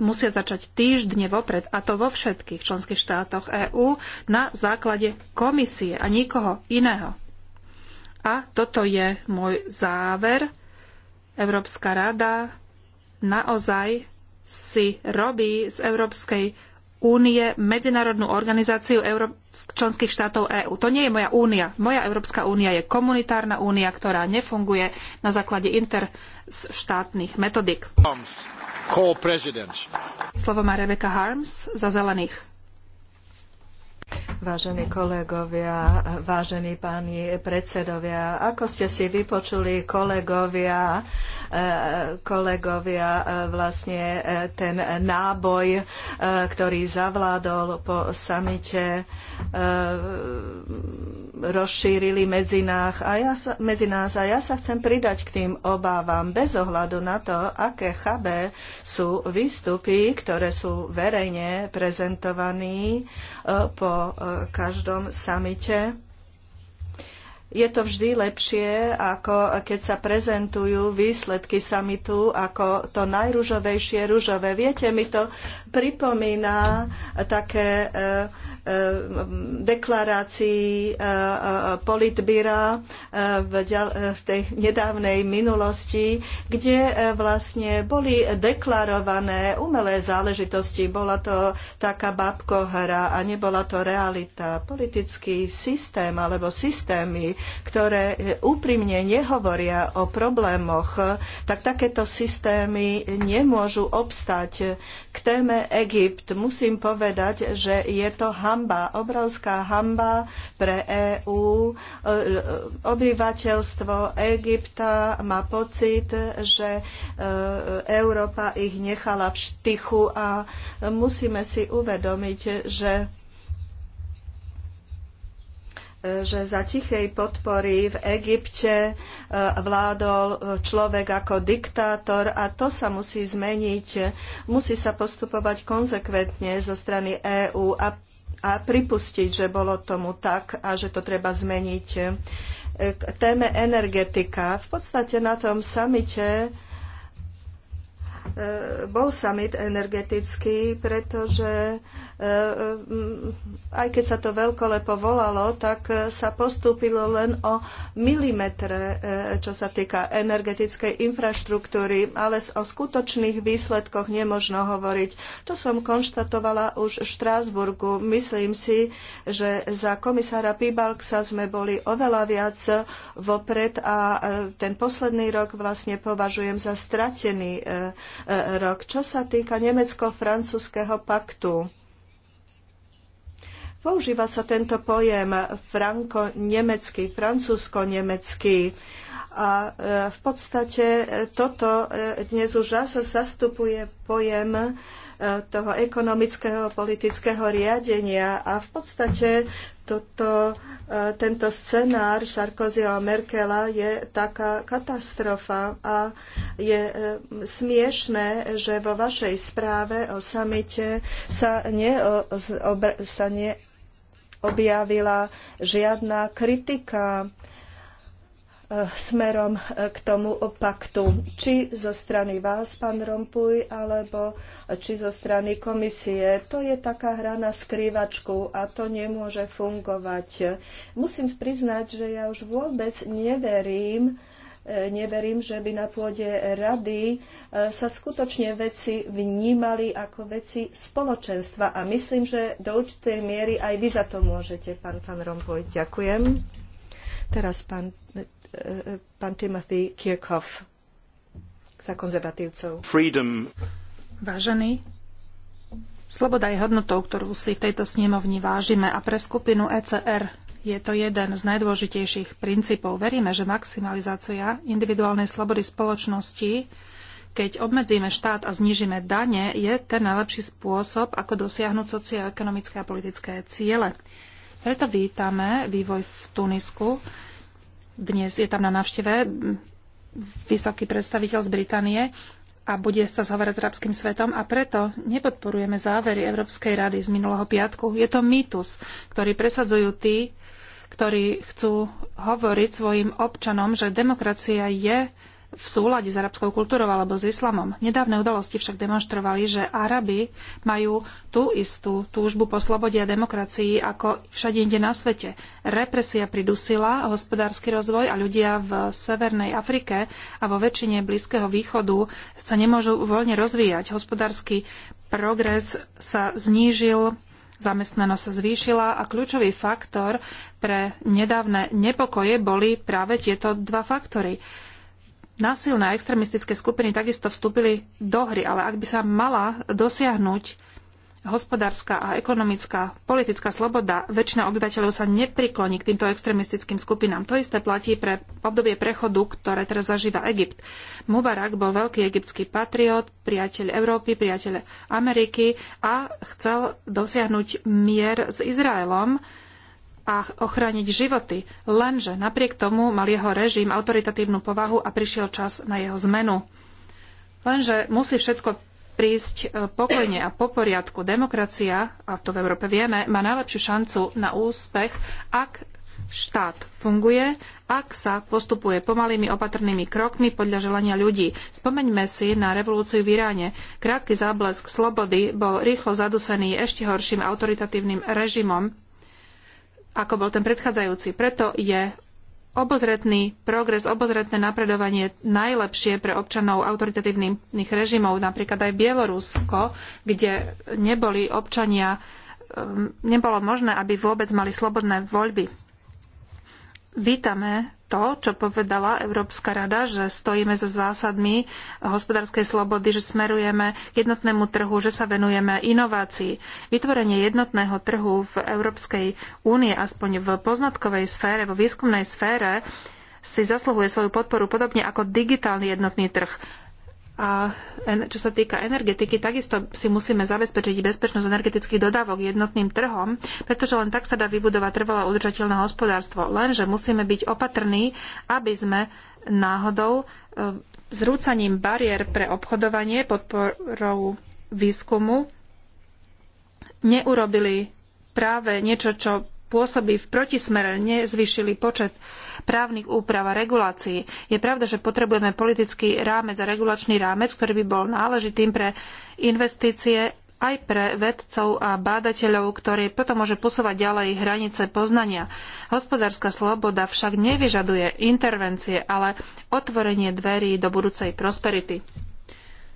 musia začať týždne vopred, a to vo všetkých členských štátoch EÚ na základe komisie a nikoho iného. A toto je môj záver Európska rada naozaj si robí z Európskej únie medzinárodnú organizáciu členských štátov EÚ. To nie je moja únia. Moja Európska únia je komunitárna únia, ktorá nefunguje na základe interštátnych metodik. Slovo má Rebecca Harms za zelených. Vážení kolegovia, vážení páni predsedovia, ako ste si vypočuli kolegovia, eh, kolegovia eh, vlastne eh, ten náboj, ktorý zavládol po samite, rozšírili medzi nás, a ja sa, medzi nás a ja sa chcem pridať k tým obávam bez ohľadu na to, aké chabé sú výstupy, ktoré sú verejne prezentovaní po Eh, každom samite. Je to vždy lepšie, ako keď sa prezentujú výsledky samitu ako to najružovejšie ružové. Viete, mi to pripomína také e, Eh, deklarácií eh, eh, politbyra v tej nedávnej minulosti, kde vlastne boli deklarované umelé záležitosti. Bola to taká bábkohra a nebola to realita. Politický systém alebo systémy, ktoré úprimne nehovoria o problémoch, tak takéto systémy nemôžu obstať. K téme Egypt musím povedať, že je to ham hamba, obrovská hamba pre EÚ. Obyvateľstvo Egypta má pocit, že e, Európa ich nechala v štychu a musíme si uvedomiť, že že za tichej podpory v Egypte e, vládol človek ako diktátor a to sa musí zmeniť. Musí sa postupovať konzekventne zo strany EÚ a a pripustiť, že bolo tomu tak a že to treba zmeniť. E, k téme energetika. V podstate na tom samite e, bol summit energetický, pretože E, e, aj keď sa to veľkolepo volalo, tak e, sa postúpilo len o milimetre, čo sa týka energetickej infraštruktúry, ale o skutočných výsledkoch nemožno hovoriť. To som konštatovala už v Štrásburgu. Myslím si, že za komisára Pibalksa sme boli oveľa viac vopred a ten posledný rok vlastne považujem za stratený rok. Čo sa týka nemecko-francúzského paktu, Používa sa tento pojem franko-nemecký, francúzsko-nemecký. A e, v podstate e, toto e, dnes už zastupuje pojem toho ekonomického politického riadenia a v podstate toto, tento scenár Sarkozyho a Merkela je taká katastrofa a je smiešné, že vo vašej správe o samite sa, ne, sa ne, objavila žiadna kritika eh, smerom eh, k tomu paktu, či zo strany vás, pán Rompuj, alebo eh, či zo strany komisie. To je taká hra na skrývačku a to nemôže fungovať. Musím priznať, že ja už vôbec neverím, neverím, že by na pôde rady e, sa skutočne veci vnímali ako veci spoločenstva. A myslím, že do určitej miery aj vy za to môžete, pán Van Rompoj. Ďakujem. Teraz pán, e, e, pán Timothy Kirchhoff za konzervatívcov. Freedom. Vážený, sloboda je hodnotou, ktorú si v tejto snemovni vážime a pre skupinu ECR je to jeden z najdôležitejších princípov. Veríme, že maximalizácia individuálnej slobody spoločnosti, keď obmedzíme štát a znížime dane, je ten najlepší spôsob, ako dosiahnuť socioekonomické a politické ciele. Preto vítame vývoj v Tunisku. Dnes je tam na návšteve vysoký predstaviteľ z Británie a bude sa zhovorať s arabským svetom a preto nepodporujeme závery Európskej rady z minulého piatku. Je to mýtus, ktorý presadzujú tí, ktorí chcú hovoriť svojim občanom, že demokracia je v súlade s arabskou kultúrou alebo s islamom. Nedávne udalosti však demonstrovali, že Arabi majú tú istú túžbu po slobode a demokracii ako všade inde na svete. Represia pridusila hospodársky rozvoj a ľudia v Severnej Afrike a vo väčšine Blízkeho východu sa nemôžu voľne rozvíjať. Hospodársky progres sa znížil zamestnanosť sa zvýšila a kľúčový faktor pre nedávne nepokoje boli práve tieto dva faktory. Násilné a extremistické skupiny takisto vstúpili do hry, ale ak by sa mala dosiahnuť hospodárska a ekonomická, politická sloboda, väčšina obyvateľov sa neprikloní k týmto extrémistickým skupinám. To isté platí pre obdobie prechodu, ktoré teraz zažíva Egypt. Mubarak bol veľký egyptský patriot, priateľ Európy, priateľ Ameriky a chcel dosiahnuť mier s Izraelom a ochrániť životy. Lenže napriek tomu mal jeho režim autoritatívnu povahu a prišiel čas na jeho zmenu. Lenže musí všetko prísť e, pokojne a po poriadku. Demokracia, a to v Európe vieme, má najlepšiu šancu na úspech, ak štát funguje, ak sa postupuje pomalými opatrnými krokmi podľa želania ľudí. Spomeňme si na revolúciu v Iráne. Krátky záblesk slobody bol rýchlo zadusený ešte horším autoritatívnym režimom, ako bol ten predchádzajúci. Preto je obozretný progres, obozretné napredovanie najlepšie pre občanov autoritatívnych režimov, napríklad aj Bielorusko, kde neboli občania, um, nebolo možné, aby vôbec mali slobodné voľby. Vítame to, čo povedala Európska rada, že stojíme za zásadmi hospodárskej slobody, že smerujeme k jednotnému trhu, že sa venujeme inovácii. Vytvorenie jednotného trhu v Európskej únie, aspoň v poznatkovej sfére, vo výskumnej sfére, si zasluhuje svoju podporu podobne ako digitálny jednotný trh. A čo sa týka energetiky, takisto si musíme zabezpečiť bezpečnosť energetických dodávok jednotným trhom, pretože len tak sa dá vybudovať trvalé udržateľné hospodárstvo. Lenže musíme byť opatrní, aby sme náhodou e, zrúcaním bariér pre obchodovanie podporou výskumu neurobili práve niečo, čo pôsoby v protismere, nezvyšili počet právnych úprav a regulácií. Je pravda, že potrebujeme politický rámec a regulačný rámec, ktorý by bol náležitým pre investície aj pre vedcov a bádateľov, ktorí potom môže posúvať ďalej hranice poznania. Hospodárska sloboda však nevyžaduje intervencie, ale otvorenie dverí do budúcej prosperity.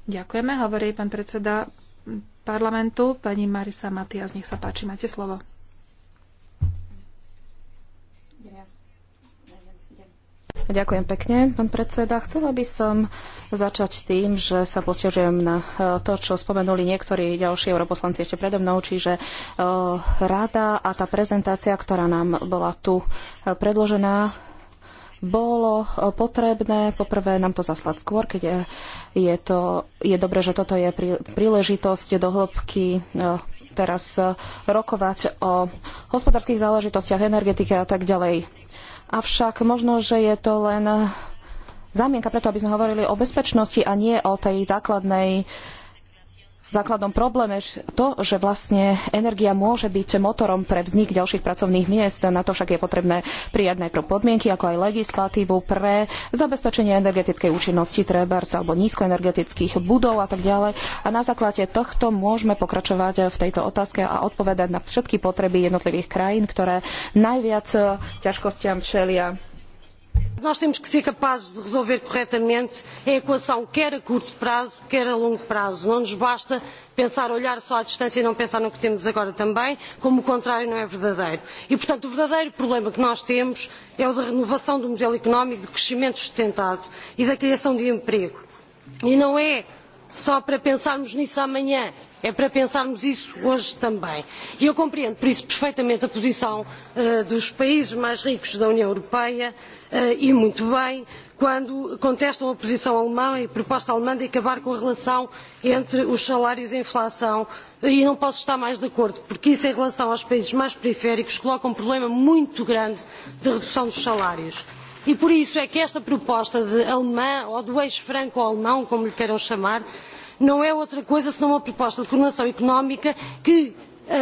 Ďakujeme, hovorí pán predseda parlamentu, pani Marisa Matias, nech sa páči, máte slovo. Ďakujem pekne, pán predseda. Chcela by som začať tým, že sa posťažujem na eh, to, čo spomenuli niektorí ďalší europoslanci ešte predo mnou, čiže eh, rada a tá prezentácia, ktorá nám bola tu eh, predložená, bolo potrebné, poprvé nám to zaslať skôr, keď je, je, to, je dobre, že toto je prí, príležitosť do hĺbky teraz rokovať o hospodárskych záležitostiach, energetike a tak ďalej. Avšak možno, že je to len zámienka, preto, aby sme hovorili o bezpečnosti a nie o tej základnej základnom probléme to, že vlastne energia môže byť motorom pre vznik ďalších pracovných miest. Na to však je potrebné prijať najprv podmienky, ako aj legislatívu pre zabezpečenie energetickej účinnosti trebárs alebo nízkoenergetických budov a tak ďalej. A na základe tohto môžeme pokračovať v tejto otázke a odpovedať na všetky potreby jednotlivých krajín, ktoré najviac ťažkostiam čelia Nós temos que ser capazes de resolver corretamente a equação quer a curto prazo, quer a longo prazo. Não nos basta pensar, olhar só à distância e não pensar no que temos agora também, como o contrário não é verdadeiro. E, portanto, o verdadeiro problema que nós temos é o da renovação do modelo económico, do crescimento sustentado e da criação de emprego. E não é só para pensarmos nisso amanhã, é para pensarmos isso hoje também. E eu compreendo, por isso, perfeitamente a posição uh, dos países mais ricos da União Europeia uh, e muito bem quando contestam a posição alemã e a proposta alemã de acabar com a relação entre os salários e a inflação. E não posso estar mais de acordo, porque isso, em relação aos países mais periféricos, coloca um problema muito grande de redução dos salários E por isso é que esta proposta de alemã ou do eixo franco-alemão, como lhe queiram chamar, não é outra coisa senão uma proposta de coordenação económica que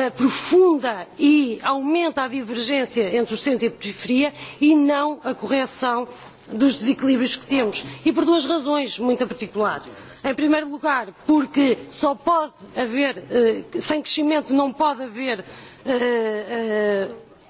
aprofunda eh, e aumenta a divergência entre o centro e a periferia e não a correção dos desequilíbrios que temos e por duas razões muito particulares. Em primeiro lugar, porque só pode haver, eh, sem crescimento não pode haver eh,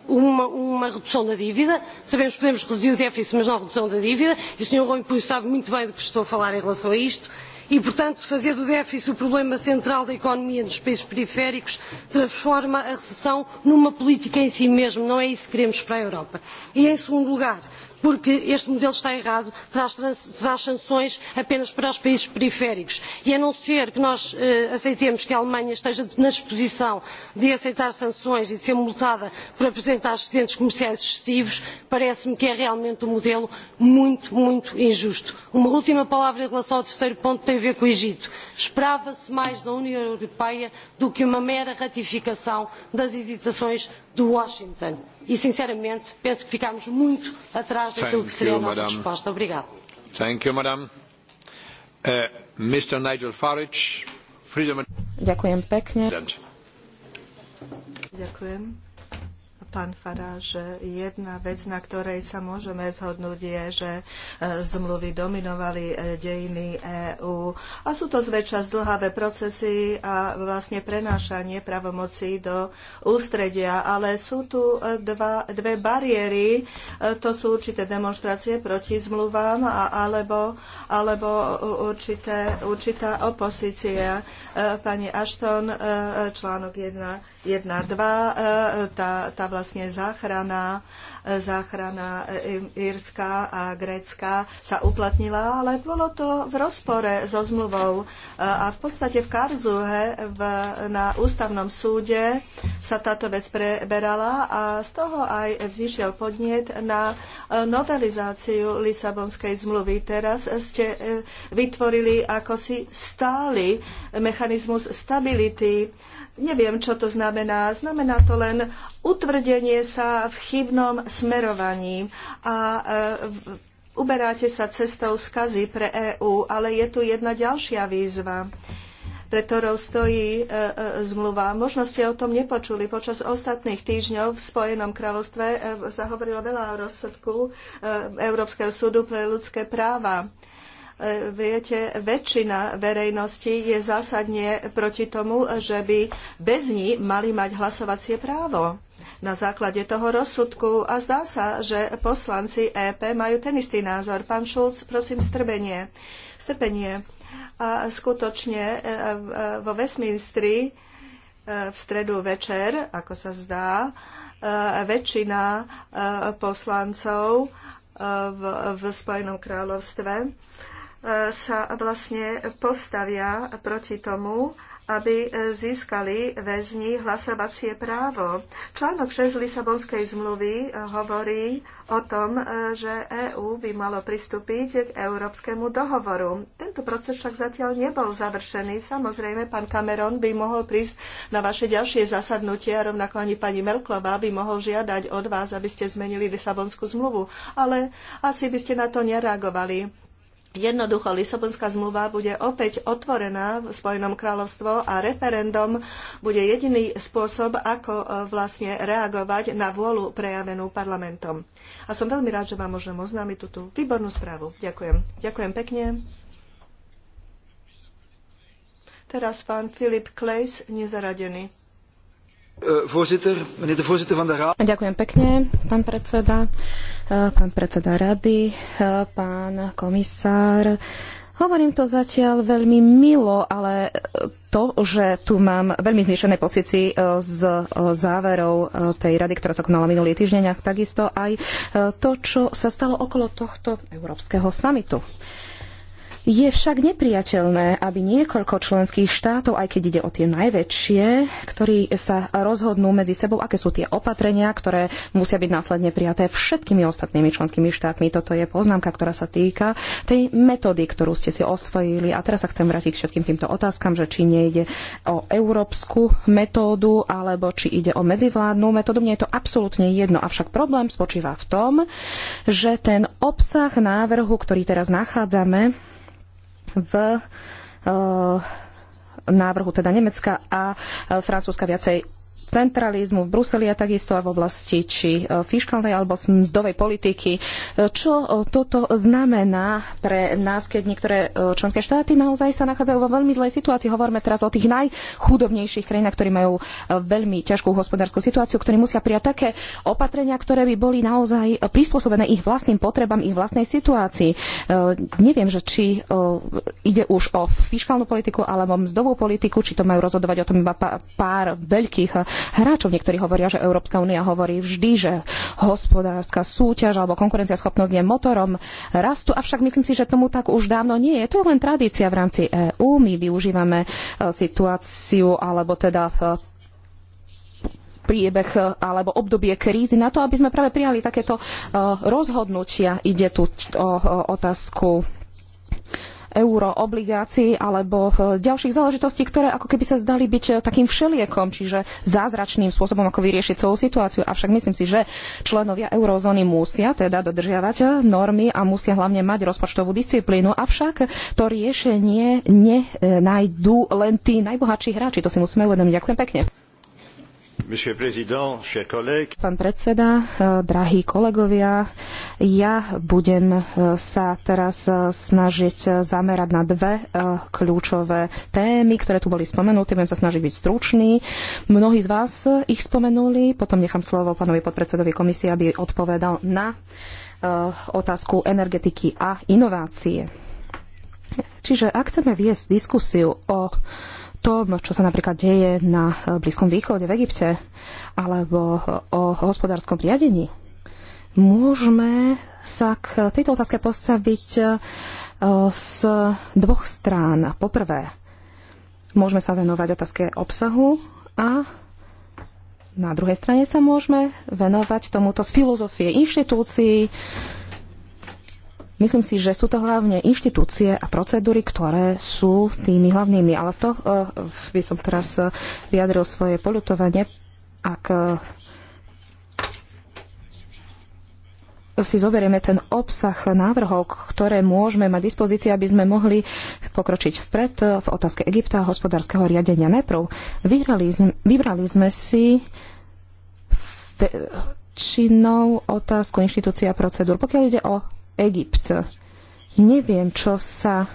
uma, uma redução da dívida. Sabemos que podemos reduzir o déficit, mas não a redução da dívida. E o Sr. Rui sabe muito bem do que estou a falar em relação a isto. E, portanto, fazer do déficit o problema central da economia dos países periféricos transforma a recessão numa política em si mesmo. Não é isso que queremos para a Europa. E, em segundo lugar, porque este modelo está errado, traz, traz sanções apenas para os países periféricos. E a não ser que nós eh, aceitemos que a Alemanha esteja na disposição de aceitar sanções e de ser multada por apresentar excedentes comerciais excessivos, parece-me que é realmente um modelo muito, muito injusto. Uma última palavra em relação ao terceiro ponto tem a ver com o Egito. Esperava-se mais da União Europeia do que uma mera ratificação das hesitações de Washington. E, sinceramente, penso que ficámos muito atrás daquilo que seria a nossa resposta. Obrigado. Uh, Ďakujem pekne. Ďakujem pán faráš, jedna vec, na ktorej sa môžeme zhodnúť, je, že e, zmluvy dominovali e, dejiny EÚ a sú to zväčša zdlhavé procesy a vlastne prenášanie pravomocí do ústredia, ale sú tu e, dva, dve bariéry, to sú určité demonstrácie proti zmluvám a, alebo, alebo určité, určitá opozícia. Pani Ashton, článok 1, 1 2, tá, tá vlastne vlastne záchrana, e, záchrana e, írska a grécka sa uplatnila, ale bolo to v rozpore so zmluvou. E, a v podstate v Karzuhe v, na ústavnom súde sa táto vec preberala a z toho aj vzýšiel podnet na novelizáciu Lisabonskej zmluvy. Teraz ste vytvorili ako si stály mechanizmus stability Neviem, čo to znamená. Znamená to len utvrdenie sa v chybnom smerovaní a e, uberáte sa cestou skazy pre EÚ, ale je tu jedna ďalšia výzva pre ktorou stojí e, e, zmluva. Možno ste o tom nepočuli. Počas ostatných týždňov v Spojenom kráľovstve e, zahovorilo veľa o rozsudku e, Európskeho súdu pre ľudské práva. E, viete, väčšina verejnosti je zásadne proti tomu, že by bez ní mali mať hlasovacie právo na základe toho rozsudku a zdá sa, že poslanci EP majú ten istý názor. Pán Šulc, prosím, strpenie. Strpenie. A skutočne e, e, vo Westminstri e, v stredu večer, ako sa zdá, väčšina poslancov v, v Spojenom kráľovstve sa vlastne postavia proti tomu, aby získali väzni hlasovacie právo. Článok 6 Lisabonskej zmluvy hovorí o tom, že EÚ by malo pristúpiť k Európskemu dohovoru. Tento proces však zatiaľ nebol završený. Samozrejme, pán Cameron by mohol prísť na vaše ďalšie zasadnutie a rovnako ani pani Merklová by mohol žiadať od vás, aby ste zmenili Lisabonskú zmluvu. Ale asi by ste na to nereagovali. Jednoducho Lisabonská zmluva bude opäť otvorená v Spojenom kráľovstvo a referendum bude jediný spôsob, ako e, vlastne reagovať na vôľu prejavenú parlamentom. A som veľmi rád, že vám môžem oznámiť túto výbornú správu. Ďakujem. Ďakujem pekne. Teraz pán Filip Klejs, nezaradený. Eh, Ďakujem pekne, pán predseda, eh, pán predseda rady, eh, pán komisár. Hovorím to zatiaľ veľmi milo, ale to, že tu mám veľmi zmiešané pocity z záverov tej rady, ktorá sa konala minulý týždeň, a takisto aj to, čo sa stalo okolo tohto európskeho samitu. Je však nepriateľné, aby niekoľko členských štátov, aj keď ide o tie najväčšie, ktorí sa rozhodnú medzi sebou, aké sú tie opatrenia, ktoré musia byť následne prijaté všetkými ostatnými členskými štátmi. Toto je poznámka, ktorá sa týka tej metódy, ktorú ste si osvojili. A teraz sa chcem vrátiť k všetkým týmto otázkam, že či nejde o európsku metódu alebo či ide o medzivládnu metódu. Mne je to absolútne jedno. Avšak problém spočíva v tom, že ten obsah návrhu, ktorý teraz nachádzame, v eh, návrhu teda Nemecka a eh, Francúzska viacej centralizmu v Bruseli a takisto aj v oblasti či e, fiškálnej alebo mzdovej politiky. E, čo e, toto znamená pre nás, keď niektoré členské štáty naozaj sa nachádzajú vo veľmi zlej situácii? Hovoríme teraz o tých najchudobnejších krajinách, ktorí majú veľmi ťažkú hospodárskú situáciu, ktorí musia prijať také opatrenia, ktoré by boli naozaj prispôsobené ich vlastným potrebám, ich vlastnej situácii. Neviem, že či ide už o fiškálnu politiku alebo mzdovú politiku, či to majú rozhodovať o tom iba pár veľkých hráčov. Niektorí hovoria, že Európska únia hovorí vždy, že hospodárska súťaž alebo konkurenciaschopnosť je motorom rastu, avšak myslím si, že tomu tak už dávno nie je. To je len tradícia v rámci EÚ. My využívame e, situáciu alebo teda e, priebeh e, alebo obdobie krízy na to, aby sme práve prijali takéto rozhodnutia. Ide tu o otázku euroobligácií alebo e, ďalších záležitostí, ktoré ako keby sa zdali byť e, takým všeliekom, čiže zázračným spôsobom, ako vyriešiť celú situáciu. Avšak myslím si, že členovia eurozóny musia teda dodržiavať e, normy a musia hlavne mať rozpočtovú disciplínu. Avšak to riešenie nenájdú len tí najbohatší hráči. To si musíme uvedomiť. Ďakujem pekne. Pán predseda, eh, drahí kolegovia, ja budem eh, sa teraz eh, snažiť zamerať na dve kľúčové témy, ktoré tu boli spomenuté. Budem sa snažiť byť stručný. Mnohí z vás ich spomenuli, potom nechám slovo pánovi podpredsedovi komisie, aby odpovedal na otázku energetiky a inovácie. Čiže ak chceme viesť diskusiu o to, čo sa napríklad deje na eh, Blízkom východe, v Egypte, alebo eh, o hospodárskom riadení, môžeme sa k tejto otázke postaviť eh, z dvoch strán. Poprvé, môžeme sa venovať otázke obsahu a na druhej strane sa môžeme venovať tomuto z filozofie inštitúcií, Myslím si, že sú to hlavne inštitúcie a procedúry, ktoré sú tými hlavnými. Ale to eh, by som teraz eh, vyjadril svoje poľutovanie, ak eh, si zoberieme ten obsah návrhov, ktoré môžeme mať dispozícii, aby sme mohli pokročiť vpred v otázke Egypta a hospodárskeho riadenia. Najprv vybrali, vybrali sme si činnou otázku inštitúcia a procedúr. Pokiaľ ide o Egypt. Neviem, čo sa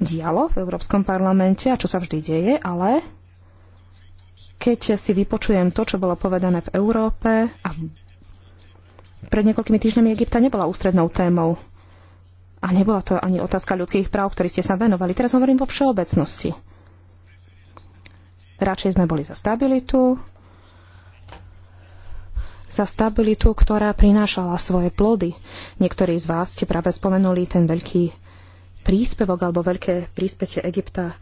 dialo v Európskom parlamente a čo sa vždy deje, ale keď si vypočujem to, čo bolo povedané v Európe a pred niekoľkými týždňami Egypta nebola ústrednou témou. A nebola to ani otázka ľudských práv, ktorí ste sa venovali. Teraz hovorím vo všeobecnosti. Radšej sme boli za stabilitu, za stabilitu, ktorá prinášala svoje plody. Niektorí z vás ste práve spomenuli ten veľký príspevok alebo veľké príspete Egypta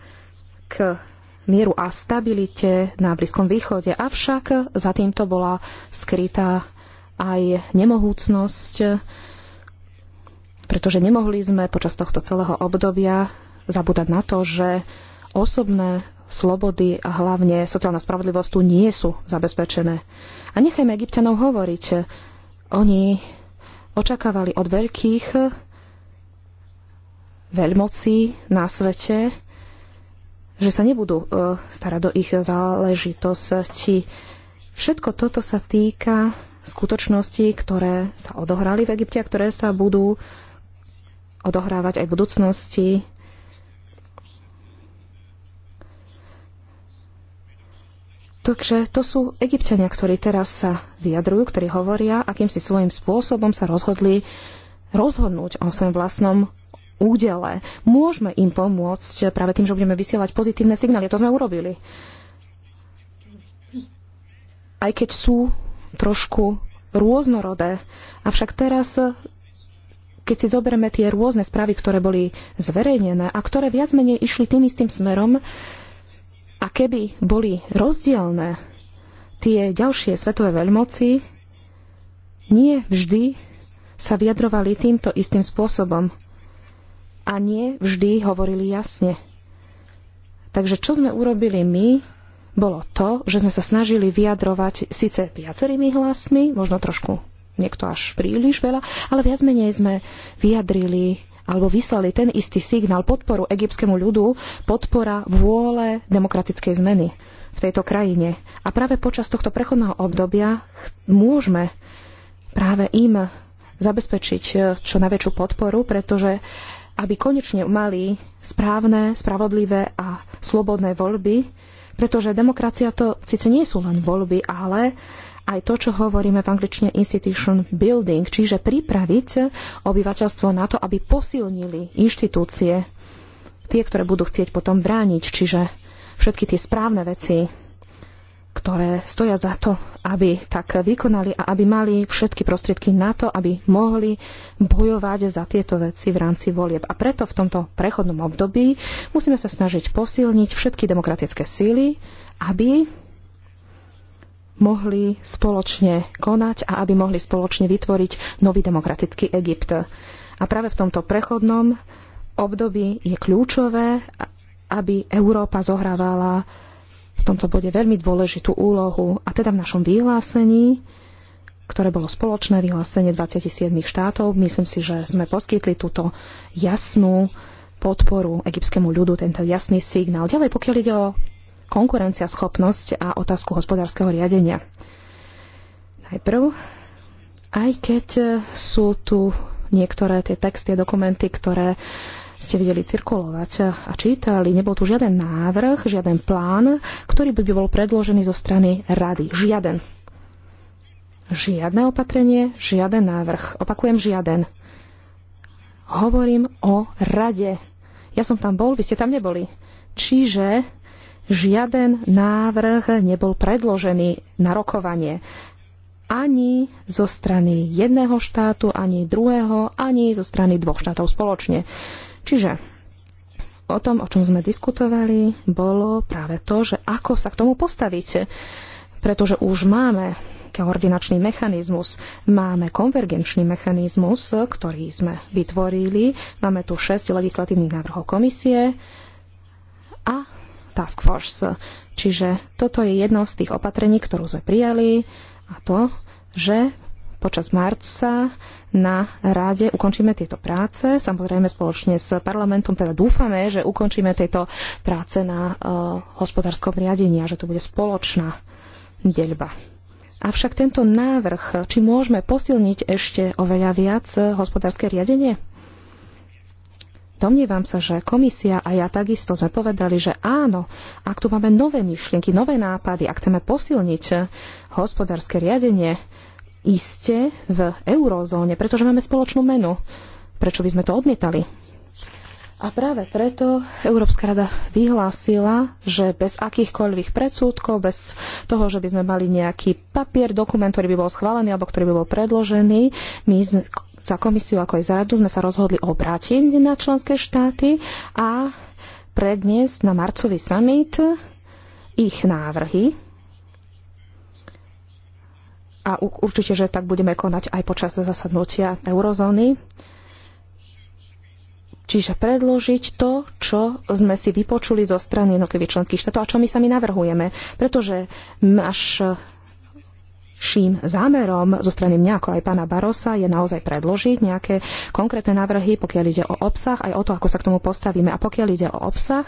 k mieru a stabilite na Blízkom východe. Avšak za týmto bola skrytá aj nemohúcnosť, pretože nemohli sme počas tohto celého obdobia zabúdať na to, že osobné slobody a hlavne sociálna spravodlivosť tu nie sú zabezpečené. A nechajme Egyptianov hovoriť. Oni očakávali od veľkých veľmocí na svete, že sa nebudú e, starať do ich záležitosti. Všetko toto sa týka skutočnosti, ktoré sa odohrali v Egypte a ktoré sa budú odohrávať aj v budúcnosti Takže to sú egyptiania, ktorí teraz sa vyjadrujú, ktorí hovoria, akým si svojím spôsobom sa rozhodli rozhodnúť o svojom vlastnom údele. Môžeme im pomôcť práve tým, že budeme vysielať pozitívne signály. To sme urobili. Aj keď sú trošku rôznorodé. Avšak teraz, keď si zoberieme tie rôzne správy, ktoré boli zverejnené a ktoré viac menej išli tým istým smerom, a keby boli rozdielne tie ďalšie svetové veľmoci, nie vždy sa vyjadrovali týmto istým spôsobom a nie vždy hovorili jasne. Takže čo sme urobili my, bolo to, že sme sa snažili vyjadrovať síce viacerými hlasmi, možno trošku niekto až príliš veľa, ale viac menej sme vyjadrili alebo vyslali ten istý signál podporu egyptskému ľudu, podpora vôle demokratickej zmeny v tejto krajine. A práve počas tohto prechodného obdobia môžeme práve im zabezpečiť eh, čo najväčšiu podporu, pretože aby konečne mali správne, spravodlivé a slobodné voľby, pretože demokracia to síce nie sú len voľby, ale aj to, čo hovoríme v angličtine institution building, čiže pripraviť obyvateľstvo na to, aby posilnili inštitúcie, tie, ktoré budú chcieť potom brániť, čiže všetky tie správne veci, ktoré stoja za to, aby tak vykonali a aby mali všetky prostriedky na to, aby mohli bojovať za tieto veci v rámci volieb. A preto v tomto prechodnom období musíme sa snažiť posilniť všetky demokratické síly, aby mohli spoločne konať a aby mohli spoločne vytvoriť nový demokratický Egypt. A práve v tomto prechodnom období je kľúčové, aby Európa zohrávala v tomto bode veľmi dôležitú úlohu. A teda v našom vyhlásení, ktoré bolo spoločné vyhlásenie 27 štátov, myslím si, že sme poskytli túto jasnú podporu egyptskému ľudu, tento jasný signál. Ďalej, pokiaľ ide o konkurenciaschopnosť a otázku hospodárskeho riadenia. Najprv, aj keď e, sú tu niektoré tie texty a dokumenty, ktoré ste videli cirkulovať a čítali, nebol tu žiaden návrh, žiaden plán, ktorý by bol predložený zo strany rady. Žiaden. Žiadne opatrenie, žiaden návrh. Opakujem, žiaden. Hovorím o rade. Ja som tam bol, vy ste tam neboli. Čiže žiaden návrh nebol predložený na rokovanie ani zo strany jedného štátu, ani druhého, ani zo strany dvoch štátov spoločne. Čiže o tom, o čom sme diskutovali, bolo práve to, že ako sa k tomu postaviť. Pretože už máme koordinačný mechanizmus, máme konvergenčný mechanizmus, ktorý sme vytvorili, máme tu 6 legislatívnych návrhov komisie a Task Force. Čiže toto je jedno z tých opatrení, ktorú sme prijali a to, že počas marca na ráde ukončíme tieto práce, samozrejme spoločne s parlamentom, teda dúfame, že ukončíme tieto práce na uh, hospodárskom riadení a že to bude spoločná deľba. Avšak tento návrh, či môžeme posilniť ešte oveľa viac hospodárske riadenie? Domnievam sa, že komisia a ja takisto sme povedali, že áno, ak tu máme nové myšlienky, nové nápady, ak chceme posilniť hospodárske riadenie, iste v eurozóne, pretože máme spoločnú menu. Prečo by sme to odmietali? A práve preto Európska rada vyhlásila, že bez akýchkoľvých predsudkov, bez toho, že by sme mali nejaký papier, dokument, ktorý by bol schválený alebo ktorý by bol predložený, my za komisiu ako aj za radu sme sa rozhodli obrátiť na členské štáty a predniesť na marcový summit ich návrhy. A určite, že tak budeme konať aj počas zasadnutia eurozóny. Čiže predložiť to, čo sme si vypočuli zo strany jednotlivých členských štátov a čo my sami navrhujeme. Pretože náš Ším zámerom zo strany mňa ako aj pána Barosa je naozaj predložiť nejaké konkrétne návrhy, pokiaľ ide o obsah, aj o to, ako sa k tomu postavíme. A pokiaľ ide o obsah,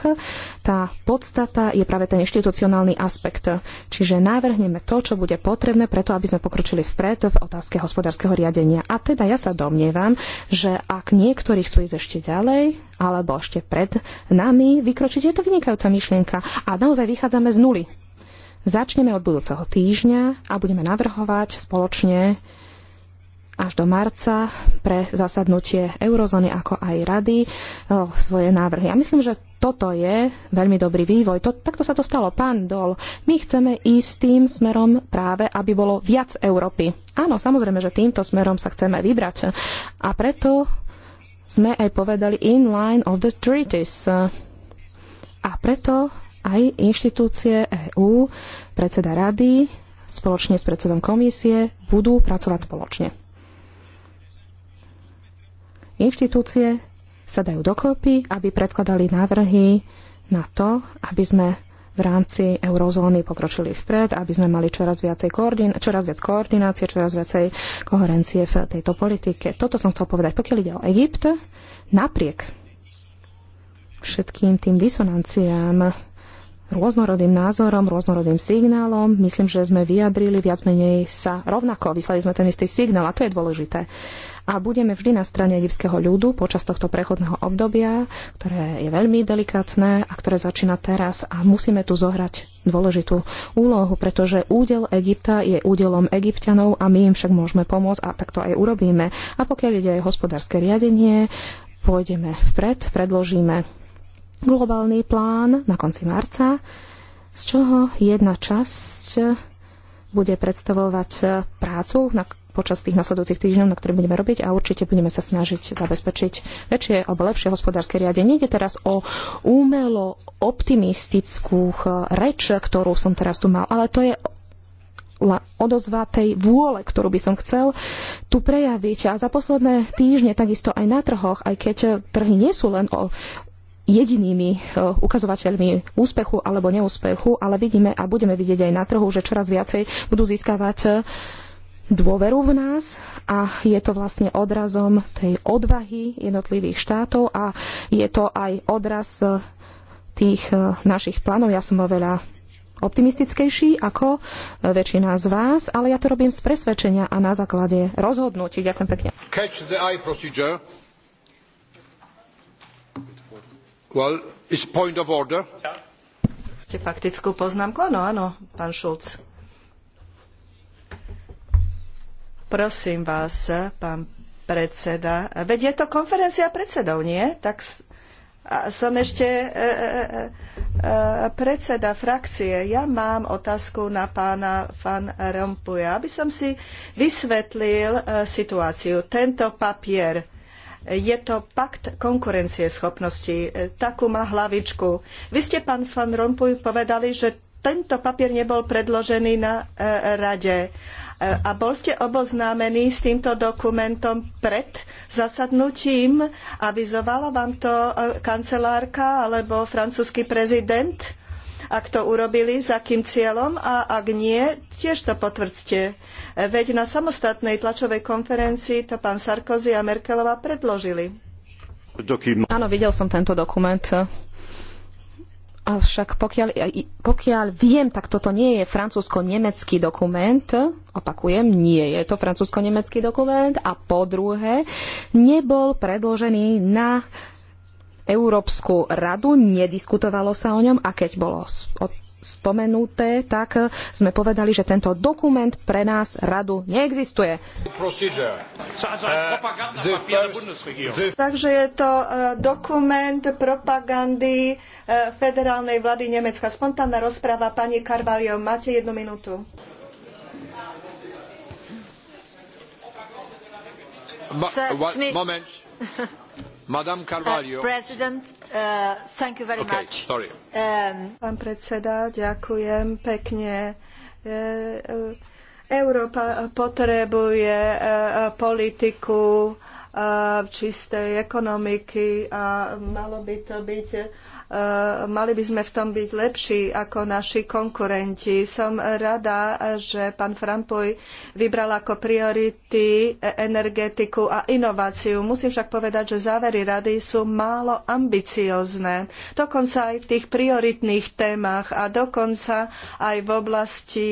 tá podstata je práve ten inštitucionálny aspekt. Čiže navrhneme to, čo bude potrebné preto, aby sme pokročili vpred v otázke hospodárskeho riadenia. A teda ja sa domnievam, že ak niektorí chcú ísť ešte ďalej, alebo ešte pred nami vykročiť, je to vynikajúca myšlienka. A naozaj vychádzame z nuly Začneme od budúceho týždňa a budeme navrhovať spoločne až do marca pre zasadnutie eurozóny ako aj rady o, eh, svoje návrhy. A myslím, že toto je veľmi dobrý vývoj. To, takto sa to stalo, pán Dol. My chceme ísť tým smerom práve, aby bolo viac Európy. Áno, samozrejme, že týmto smerom sa chceme vybrať. A preto sme aj povedali in line of the treaties. A preto aj inštitúcie EÚ, predseda rady spoločne s predsedom komisie budú pracovať spoločne. Inštitúcie sa dajú dokopy, aby predkladali návrhy na to, aby sme v rámci eurozóny pokročili vpred, aby sme mali čoraz, viacej koordin- čoraz viac koordinácie, čoraz viacej koherencie v tejto politike. Toto som chcel povedať. Pokiaľ ide o Egypt, napriek všetkým tým disonanciám, rôznorodým názorom, rôznorodým signálom. Myslím, že sme vyjadrili viac menej sa rovnako. Vyslali sme ten istý signál a to je dôležité. A budeme vždy na strane egyptského ľudu počas tohto prechodného obdobia, ktoré je veľmi delikátne a ktoré začína teraz a musíme tu zohrať dôležitú úlohu, pretože údel Egypta je údelom egyptianov a my im však môžeme pomôcť a tak to aj urobíme. A pokiaľ ide aj hospodárske riadenie, pôjdeme vpred, predložíme globálny plán na konci marca, z čoho jedna časť bude predstavovať prácu na, počas tých nasledujúcich týždňov, na ktorých budeme robiť a určite budeme sa snažiť zabezpečiť väčšie alebo lepšie hospodárske riadenie. Ide teraz o umelo optimistickú reč, ktorú som teraz tu mal, ale to je odozva tej vôle, ktorú by som chcel tu prejaviť. A za posledné týždne takisto aj na trhoch, aj keď trhy nie sú len o jedinými e, ukazovateľmi úspechu alebo neúspechu, ale vidíme a budeme vidieť aj na trhu, že čoraz viacej budú získavať e, dôveru v nás a je to vlastne odrazom tej odvahy jednotlivých štátov a je to aj odraz e, tých našich plánov. Ja som oveľa optimistickejší ako väčšina z vás, ale ja to robím z presvedčenia a na základe rozhodnutí. Ďakujem pekne. Faktickú poznámku? Áno, áno, pán Prosím vás, pán predseda. Veď je to konferencia predsedov, nie? Tak som ešte e, e, e, e, predseda frakcie. Ja mám otázku na pána Van Rompuya, aby som si vysvetlil e, situáciu. Tento papier je to pakt konkurencieschopnosti. Takú má hlavičku. Vy ste, pán Van Rompuy, povedali, že tento papier nebol predložený na e, rade. E, a bol ste oboznámení s týmto dokumentom pred zasadnutím? Avizovala vám to e, kancelárka alebo francúzsky prezident? Ak to urobili, za akým cieľom a ak nie, tiež to potvrdzte. Veď na samostatnej tlačovej konferencii to pán Sarkozy a Merkelová predložili. Áno, videl som tento dokument. Avšak pokiaľ, pokiaľ viem, tak toto nie je francúzsko-nemecký dokument. Opakujem, nie je to francúzsko-nemecký dokument. A po druhé, nebol predložený na Európsku radu, nediskutovalo sa o ňom a keď bolo spomenuté, tak eh, sme povedali, že tento dokument pre nás radu neexistuje. Uh, Takže je to eh, dokument propagandy eh, federálnej vlády Nemecka. Spontánna rozpráva, pani Carvalho, máte jednu minútu. Moment. Uh, uh, um, Pán predseda, ďakujem pekne. E, e, Európa potrebuje e, politiku čistej ekonomiky a malo by to byť Eh, mali by sme v tom byť lepší ako naši konkurenti. Som rada, že pán Frampuj vybral ako priority energetiku a inováciu. Musím však povedať, že závery rady sú málo ambiciozne. Dokonca aj v tých prioritných témach a dokonca aj v oblasti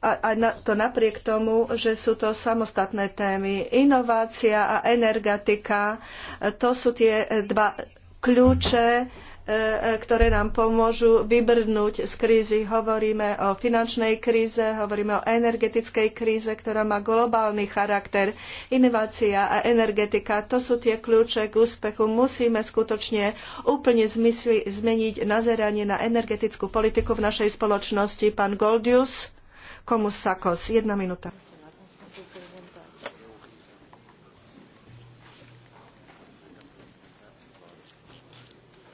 a, to napriek tomu, že sú to samostatné témy. Inovácia a energetika, eh, to sú tie dva kľúče, e, e, ktoré nám pomôžu vybrnúť z krízy. Hovoríme o finančnej kríze, hovoríme o energetickej kríze, ktorá má globálny charakter. Inovácia a energetika, to sú tie kľúče k úspechu. Musíme skutočne úplne zmysli, zmeniť nazeranie na energetickú politiku v našej spoločnosti. Pán Goldius, komu Sakos, jedna minúta.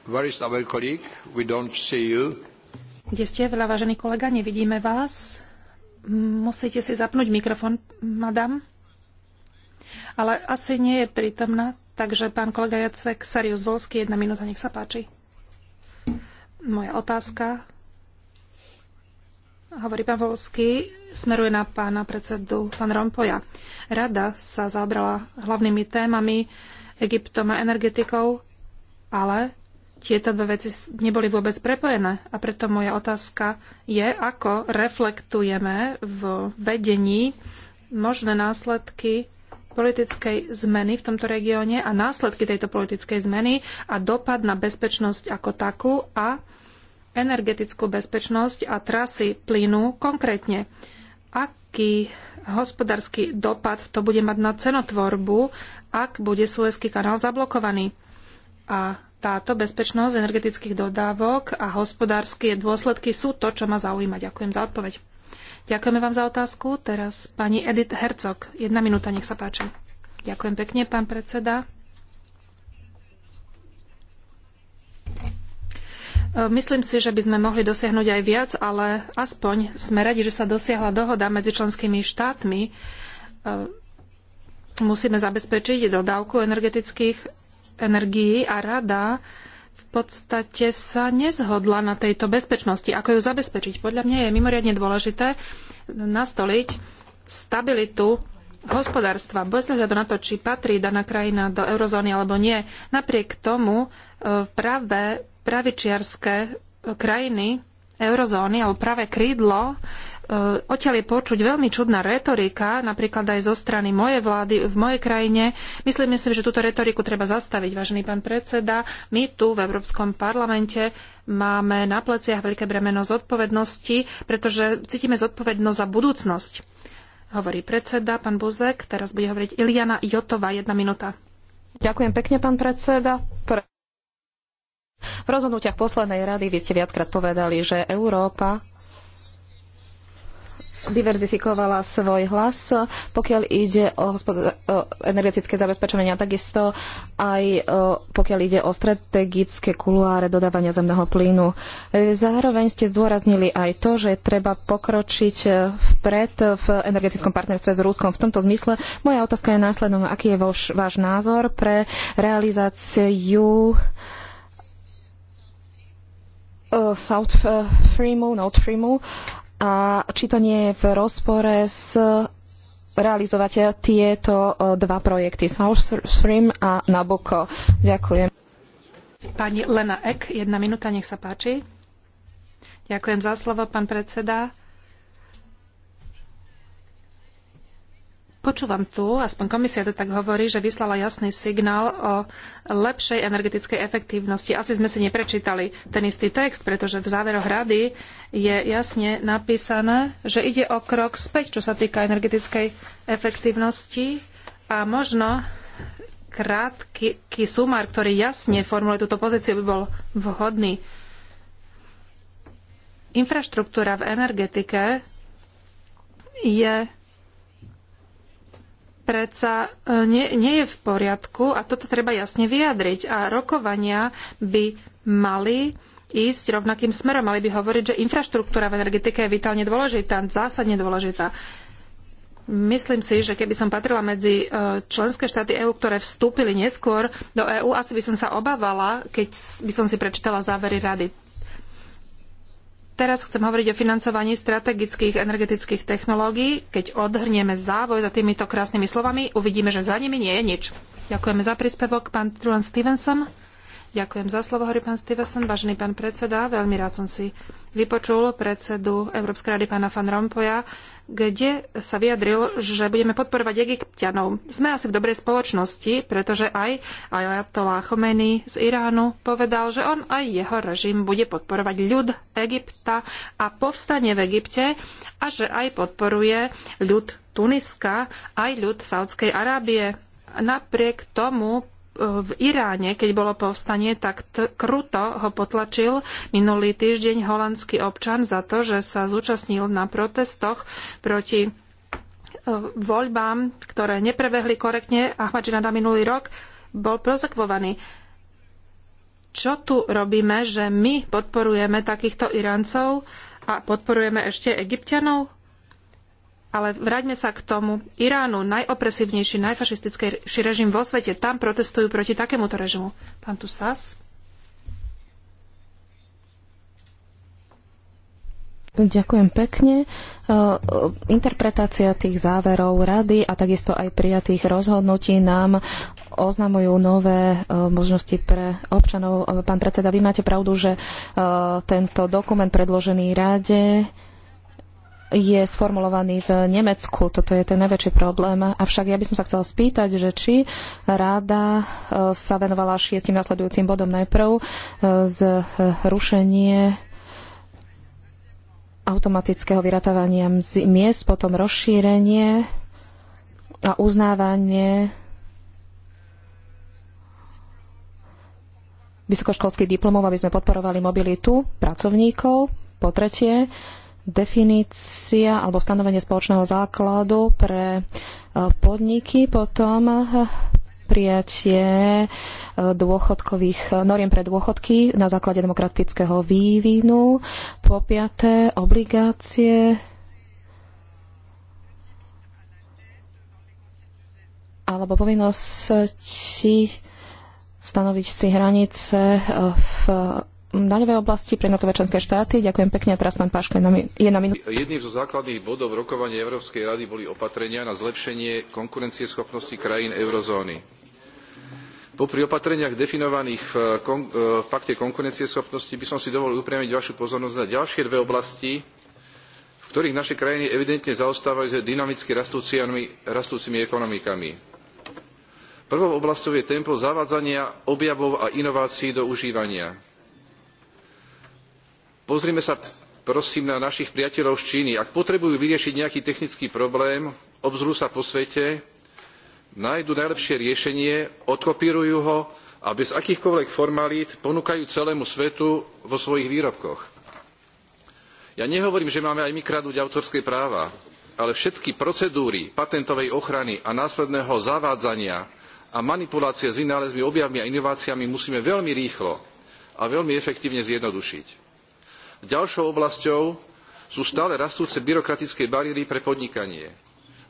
Where is our colleague? We don't see you. Kde ste, veľa vážený kolega, nevidíme vás. Musíte si zapnúť mikrofón, madam. Ale asi nie je prítomná, takže pán kolega Jacek Sarius Volsky, jedna minúta, nech sa páči. Moja otázka, hovorí pán Volsky, smeruje na pána predsedu pán Rompoja. Rada sa zabrala hlavnými témami Egyptom a energetikou, ale tieto dve veci neboli vôbec prepojené. A preto moja otázka je, ako reflektujeme v vedení možné následky politickej zmeny v tomto regióne a následky tejto politickej zmeny a dopad na bezpečnosť ako takú a energetickú bezpečnosť a trasy plynu konkrétne. Aký hospodársky dopad to bude mať na cenotvorbu, ak bude Suezký kanál zablokovaný? A táto bezpečnosť energetických dodávok a hospodárske dôsledky sú to, čo ma zaujíma. Ďakujem za odpoveď. Ďakujeme vám za otázku. Teraz pani Edith Hercog. Jedna minúta, nech sa páči. Ďakujem pekne, pán predseda. E, myslím si, že by sme mohli dosiahnuť aj viac, ale aspoň sme radi, že sa dosiahla dohoda medzi členskými štátmi. E, musíme zabezpečiť dodávku energetických energií a rada v podstate sa nezhodla na tejto bezpečnosti. Ako ju zabezpečiť? Podľa mňa je mimoriadne dôležité nastoliť stabilitu hospodárstva, bez hľadu na to, či patrí daná krajina do eurozóny alebo nie. Napriek tomu e, práve pravičiarske krajiny eurozóny alebo práve krídlo E, odtiaľ je počuť veľmi čudná retorika, napríklad aj zo strany mojej vlády v mojej krajine. Myslím si, že túto retoriku treba zastaviť, vážený pán predseda. My tu v Európskom parlamente máme na pleciach veľké bremeno zodpovednosti, pretože cítime zodpovednosť za budúcnosť. Hovorí predseda, pán Buzek, teraz bude hovoriť Iliana Jotová, jedna minúta. Ďakujem pekne, pán predseda. Pre... V rozhodnutiach poslednej rady vy ste viackrát povedali, že Európa diverzifikovala svoj hlas, pokiaľ ide o, o energetické zabezpečenie a takisto aj o, pokiaľ ide o strategické kuluáre dodávania zemného plynu. Zároveň ste zdôraznili aj to, že treba pokročiť e, vpred v energetickom partnerstve s Ruskom. V tomto zmysle moja otázka je následná. Aký je váš, váš názor pre realizáciu e, South Freemu, North Freemu a či to nie je v rozpore s realizovať tieto e, dva projekty South Stream a Nabucco. Ďakujem. Pani Lena Ek, jedna minúta, nech sa páči. Ďakujem za slovo, pán predseda. Počúvam tu, aspoň komisia to tak hovorí, že vyslala jasný signál o lepšej energetickej efektívnosti. Asi sme si neprečítali ten istý text, pretože v záveroch rady je jasne napísané, že ide o krok späť, čo sa týka energetickej efektívnosti a možno krátky sumár, ktorý jasne formuluje túto pozíciu, by bol vhodný. Infraštruktúra v energetike je predsa e, nie, nie je v poriadku a toto treba jasne vyjadriť. A rokovania by mali ísť rovnakým smerom. Mali by hovoriť, že infraštruktúra v energetike je vitálne dôležitá, zásadne dôležitá. Myslím si, že keby som patrila medzi e, členské štáty EÚ, ktoré vstúpili neskôr do EÚ, asi by som sa obávala, keď by som si prečítala závery rady. Teraz chcem hovoriť o financovaní strategických energetických technológií. Keď odhrnieme závoj za týmito krásnymi slovami, uvidíme, že za nimi nie je nič. Ďakujeme za príspevok, pán Truan Stevenson. Ďakujem za slovo, hovorí pán Stevenson. Vážený pán predseda, veľmi rád som si vypočul predsedu Európskej rady pána Van Rompoja kde sa vyjadril, že budeme podporovať egyptianov. Sme asi v dobrej spoločnosti, pretože aj Ayatollah Khomeini z Iránu povedal, že on aj jeho režim bude podporovať ľud Egypta a povstanie v Egypte a že aj podporuje ľud Tuniska, aj ľud Saudskej Arábie. Napriek tomu v Iráne, keď bolo povstanie, tak kruto ho potlačil minulý týždeň holandský občan za to, že sa zúčastnil na protestoch proti e, voľbám, ktoré neprebehli korektne. Žinada minulý rok bol prozakvovaný. Čo tu robíme, že my podporujeme takýchto Iráncov a podporujeme ešte Egyptianov? Ale vráťme sa k tomu Iránu, najopresívnejší, najfašistickejší režim vo svete. Tam protestujú proti takémuto režimu. Pán Tusas? Ďakujem pekne. E, e, interpretácia tých záverov rady a takisto aj prijatých rozhodnutí nám oznamujú nové e, možnosti pre občanov. Pán predseda, vy máte pravdu, že tento dokument predložený rade je sformulovaný v Nemecku. Toto je ten najväčší problém. Avšak ja by som sa chcela spýtať, že či rada e, sa venovala šiestim nasledujúcim bodom najprv e, zrušenie automatického vyratávania miest, potom rozšírenie a uznávanie vysokoškolských diplomov, aby sme podporovali mobilitu pracovníkov. Po tretie, definícia alebo stanovenie spoločného základu pre e, podniky, potom e, prijatie e, dôchodkových noriem pre dôchodky na základe demokratického vývinu, po piaté obligácie alebo povinnosť stanoviť si hranice v daňovej oblasti pre notové členské štáty. Ďakujem pekne. A teraz pán Páška, je na minútu. Jedným zo základných bodov rokovania Európskej rady boli opatrenia na zlepšenie konkurencieschopnosti krajín eurozóny. Popri opatreniach definovaných v, kon- e, v pakte konkurencieschopnosti by som si dovolil upriamiť vašu pozornosť na ďalšie dve oblasti, v ktorých naše krajiny evidentne zaostávajú za dynamicky rastúcimi, rastúcimi ekonomikami. Prvou oblasťou je tempo zavádzania objavov a inovácií do užívania. Pozrime sa prosím na našich priateľov z Číny. Ak potrebujú vyriešiť nejaký technický problém, obzrú sa po svete, nájdu najlepšie riešenie, odkopírujú ho a bez akýchkoľvek formalít ponúkajú celému svetu vo svojich výrobkoch. Ja nehovorím, že máme aj my kradnúť autorské práva, ale všetky procedúry patentovej ochrany a následného zavádzania a manipulácie s vynálezmi, objavmi a inováciami musíme veľmi rýchlo a veľmi efektívne zjednodušiť. Ďalšou oblasťou sú stále rastúce byrokratické bariéry pre podnikanie.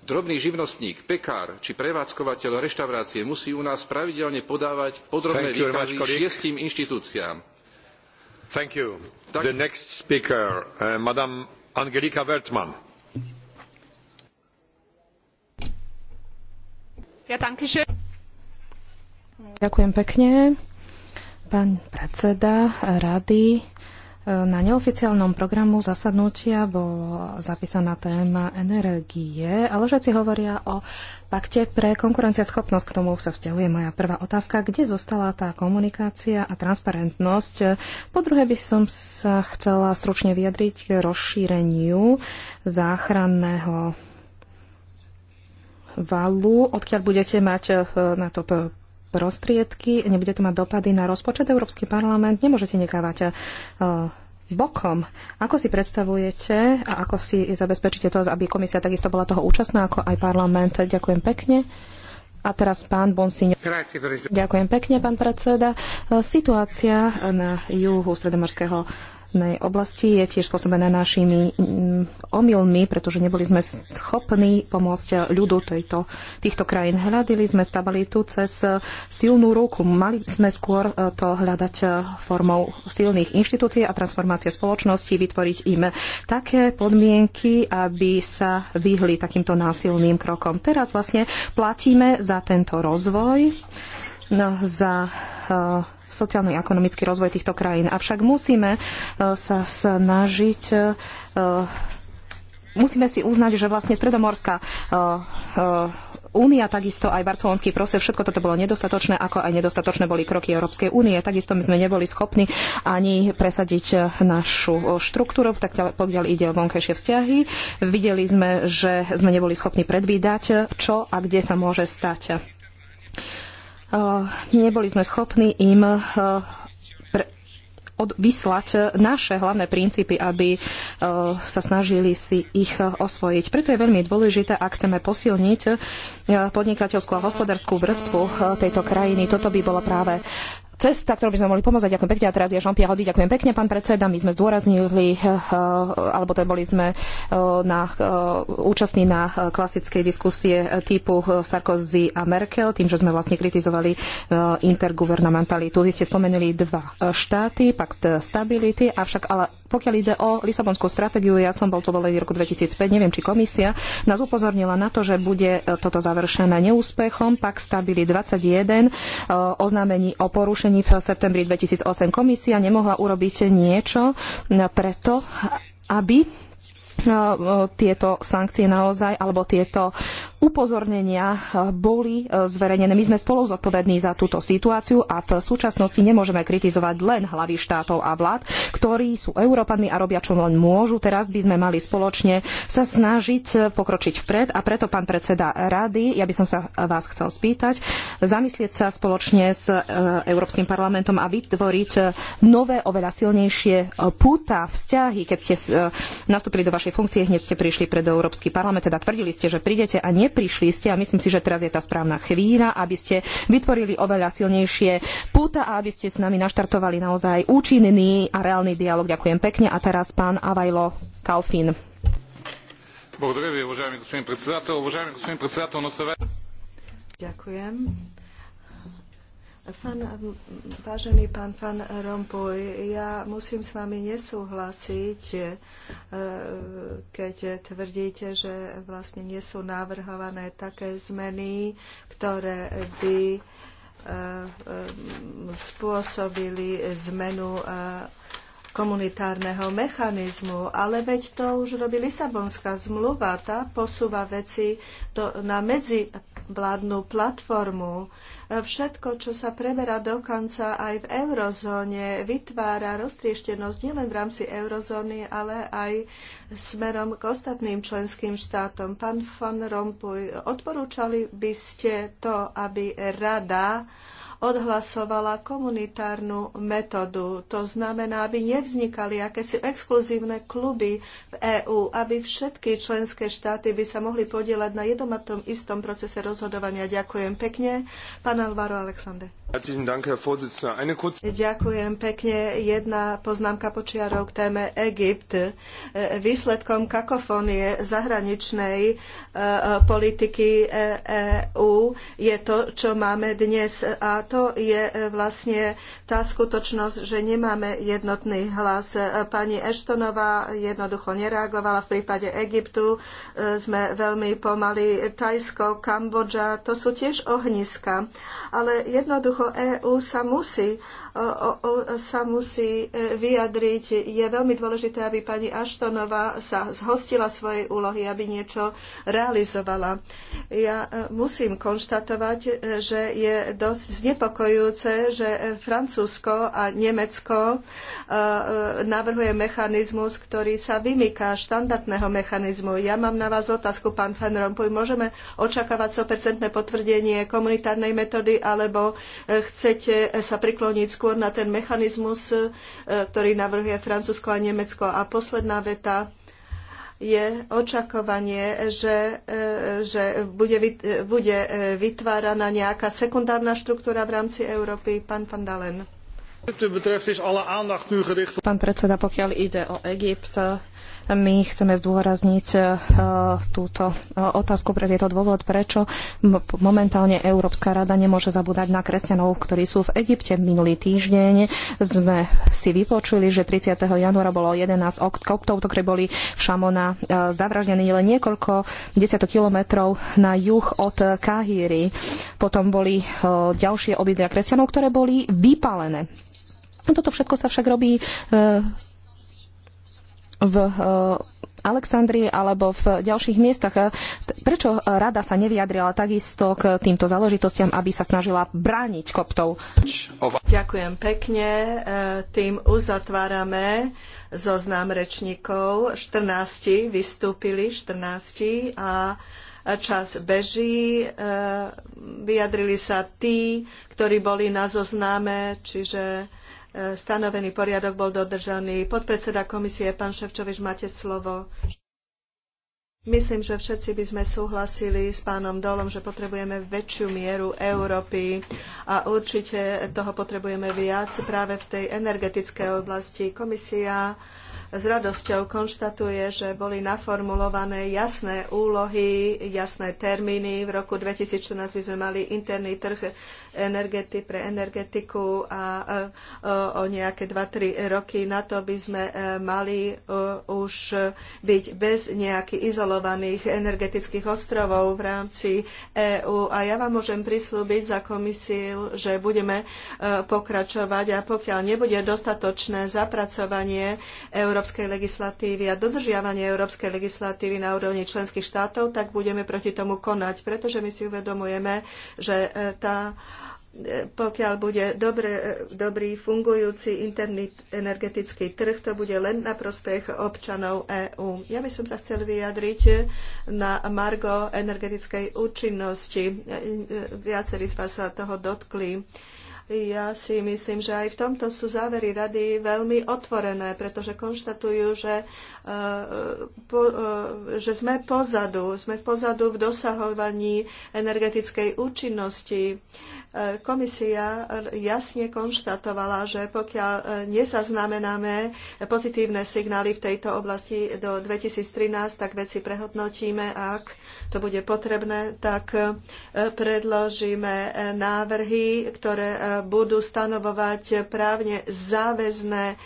Drobný živnostník, pekár či prevádzkovateľ reštaurácie musí u nás pravidelne podávať podrobné výkazy šiestim inštitúciám. Tak... Speaker, uh, ja, Ďakujem pekne. Pán predseda rady, na neoficiálnom programu zasadnutia bola zapísaná téma energie, ale všetci hovoria o pakte pre konkurenciaschopnosť. K tomu sa vzťahuje moja prvá otázka, kde zostala tá komunikácia a transparentnosť. Po druhé by som sa chcela stručne vyjadriť k rozšíreniu záchranného valu, odkiaľ budete mať eh, na to eh, prostriedky, nebude to mať dopady na rozpočet Európsky parlament, nemôžete nekávať e, bokom. Ako si predstavujete a ako si zabezpečíte to, aby komisia takisto bola toho účastná, ako aj parlament? Ďakujem pekne. A teraz pán Bonsiňo. Ďakujem pekne, pán predseda. E, situácia na juhu Stredomorského právnej oblasti je tiež spôsobené našimi mm, omylmi, pretože neboli sme schopní pomôcť ľudu tejto, týchto krajín. Hľadili sme stabilitu cez silnú ruku. Mali sme skôr e, to hľadať e, formou silných inštitúcií a transformácie spoločnosti, vytvoriť im také podmienky, aby sa vyhli takýmto násilným krokom. Teraz vlastne platíme za tento rozvoj, no, za e, sociálny a ekonomický rozvoj týchto krajín. Avšak musíme e, sa snažiť e, musíme si uznať, že vlastne Stredomorská e, únia, takisto aj barcelonský proces, všetko toto bolo nedostatočné, ako aj nedostatočné boli kroky Európskej únie. Takisto my sme neboli schopní ani presadiť našu štruktúru, tak pokiaľ ide o vonkajšie vzťahy. Videli sme, že sme neboli schopní predvídať, čo a kde sa môže stať Eh, neboli sme schopní im eh, vyslať naše hlavné princípy, aby eh, sa snažili si ich osvojiť. Preto je veľmi dôležité, ak chceme posilniť podnikateľskú a hospodárskú vrstvu tejto krajiny. Toto by bolo práve cesta, ktorú by sme mohli pomôcť. Ďakujem pekne. A teraz ja Jean-Pierre Hody. Ďakujem pekne, pán predseda. My sme zdôraznili, eh, eh, alebo to teda boli sme eh, na, účastní na klasickej diskusie typu Sarkozy a Merkel, tým, že sme vlastne kritizovali intergovernamentalitu. Vy ste spomenuli dva štáty, pakt stability, avšak ale pokiaľ ide o Lisabonskú stratégiu, ja som bol bol v roku 2005, neviem, či komisia nás upozornila na to, že bude e, toto završené neúspechom. Pak stabili 21 e, oznámení o porušení v septembri 2008. Komisia nemohla urobiť niečo preto, aby e, tieto sankcie naozaj, alebo tieto upozornenia boli e, zverejnené. My sme spolu zodpovední za túto situáciu a v súčasnosti nemôžeme kritizovať len hlavy štátov a vlád, ktorí sú Európanmi a robia čo len môžu. Teraz by sme mali spoločne sa snažiť pokročiť vpred a preto, pán predseda rady, ja by som sa vás chcel spýtať, zamyslieť sa spoločne s e, Európskym parlamentom a vytvoriť e, nové, oveľa silnejšie púta, vzťahy. Keď ste nastúpili do vašej funkcie, hneď ste prišli pred Európsky parlament, teda tvrdili ste, že prídete a nie neprišli ste a myslím si, že teraz je tá správna chvíľa, aby ste vytvorili oveľa silnejšie puta a aby ste s nami naštartovali naozaj účinný a reálny dialog. Ďakujem pekne. A teraz pán Avajlo Kalfin. Благодаря ви, уважаеми господин председател. Уважаеми господин председател на Ďakujem vážený pán Fan Rompuy, ja musím s vami nesúhlasiť, e, keď tvrdíte, že vlastne nie sú navrhované také zmeny, ktoré by e, e, spôsobili zmenu komunitárneho mechanizmu, ale veď to už robí Lisabonská zmluva, tá posúva veci na medzi vládnu platformu. Všetko, čo sa preberá dokonca aj v eurozóne, vytvára roztrieštenosť nielen v rámci eurozóny, ale aj smerom k ostatným členským štátom. Pán von Rompuy, odporúčali by ste to, aby rada odhlasovala komunitárnu metódu. To znamená, aby nevznikali akési exkluzívne kluby v EÚ, aby všetky členské štáty by sa mohli podielať na jednom a tom istom procese rozhodovania. Ďakujem pekne. Pán Alvaro Alexander. Ďakujem pekne. Jedna poznámka počiarov k téme Egypt. E, výsledkom kakofónie zahraničnej e, politiky EÚ e je to, čo máme dnes. A to je vlastne tá skutočnosť, že nemáme jednotný hlas. Pani Eštonová jednoducho nereagovala. V prípade Egyptu sme veľmi pomali. Tajsko, Kambodža, to sú tiež ohniska. Ale jednoducho jednoducho EÚ sa musí sa musí e, vyjadriť. Je veľmi dôležité, aby pani Aštonová sa zhostila svojej úlohy, aby niečo realizovala. Ja e, musím konštatovať, e, že je dosť znepokojujúce, že Francúzsko a Nemecko navrhuje mechanizmus, ktorý sa vymýka štandardného mechanizmu. Ja mám na vás otázku, pán Van Rompuy. Môžeme očakávať 100% potvrdenie komunitárnej metódy, alebo chcete sa prikloniť skôr skôr na ten mechanizmus, e, ktorý navrhuje Francúzsko a Nemecko. A posledná veta je očakovanie, že, e, že bude, e, bude vytváraná nejaká sekundárna štruktúra v rámci Európy. Pán Pandalen. Pán predseda, pokiaľ ide o Egypt, my chceme zdôrazniť eh, túto eh, otázku pre tieto dôvod, prečo momentálne Európska rada nemôže zabúdať na kresťanov, ktorí sú v Egypte. Minulý týždeň sme si vypočuli, že 30. januára bolo 11 koptov, ktorí boli v Šamona eh, zavraždení len niekoľko desiatok kilometrov na juh od Kahíry. Potom boli ďalšie obydlia kresťanov, ktoré boli vypálené toto všetko sa však robí e, v e, Alexandrii alebo v ďalších miestach. E, prečo rada sa nevyjadrila takisto k týmto záležitostiam, aby sa snažila brániť koptov? Ďakujem pekne. Tým uzatvárame zoznam rečníkov. 14 vystúpili, 14 a čas beží. Vyjadrili sa tí, ktorí boli na zozname, čiže stanovený poriadok bol dodržaný. Podpredseda komisie, pán Ševčovič, máte slovo. Myslím, že všetci by sme súhlasili s pánom Dolom, že potrebujeme väčšiu mieru Európy a určite toho potrebujeme viac práve v tej energetickej oblasti. Komisia s radosťou konštatuje, že boli naformulované jasné úlohy, jasné termíny. V roku 2014 by sme mali interný trh energety, pre energetiku a e, o nejaké 2-3 roky na to by sme e, mali e, už byť bez nejakých izolovaných energetických ostrovov v rámci EÚ. A ja vám môžem prislúbiť za komisiu, že budeme pokračovať a pokiaľ nebude dostatočné zapracovanie európskej legislatívy a dodržiavanie európskej legislatívy na úrovni členských štátov, tak budeme proti tomu konať, pretože my si uvedomujeme, že tá pokiaľ bude dobrý fungujúci interný energetický trh, to bude len na prospech občanov EÚ. Ja by som sa chcel vyjadriť na margo energetickej účinnosti. Viacerí z vás sa toho dotkli. Ja si myslím, že aj v tomto sú závery rady veľmi otvorené, pretože konštatujú, že, eh, po, eh, že sme pozadu, sme pozadu v dosahovaní energetickej účinnosti. Komisia jasne konštatovala, že pokiaľ e, nezaznamenáme pozitívne signály v tejto oblasti do 2013, tak veci prehodnotíme. Ak to bude potrebné, tak e, predložíme e, návrhy, ktoré budú stanovovať právne záväzné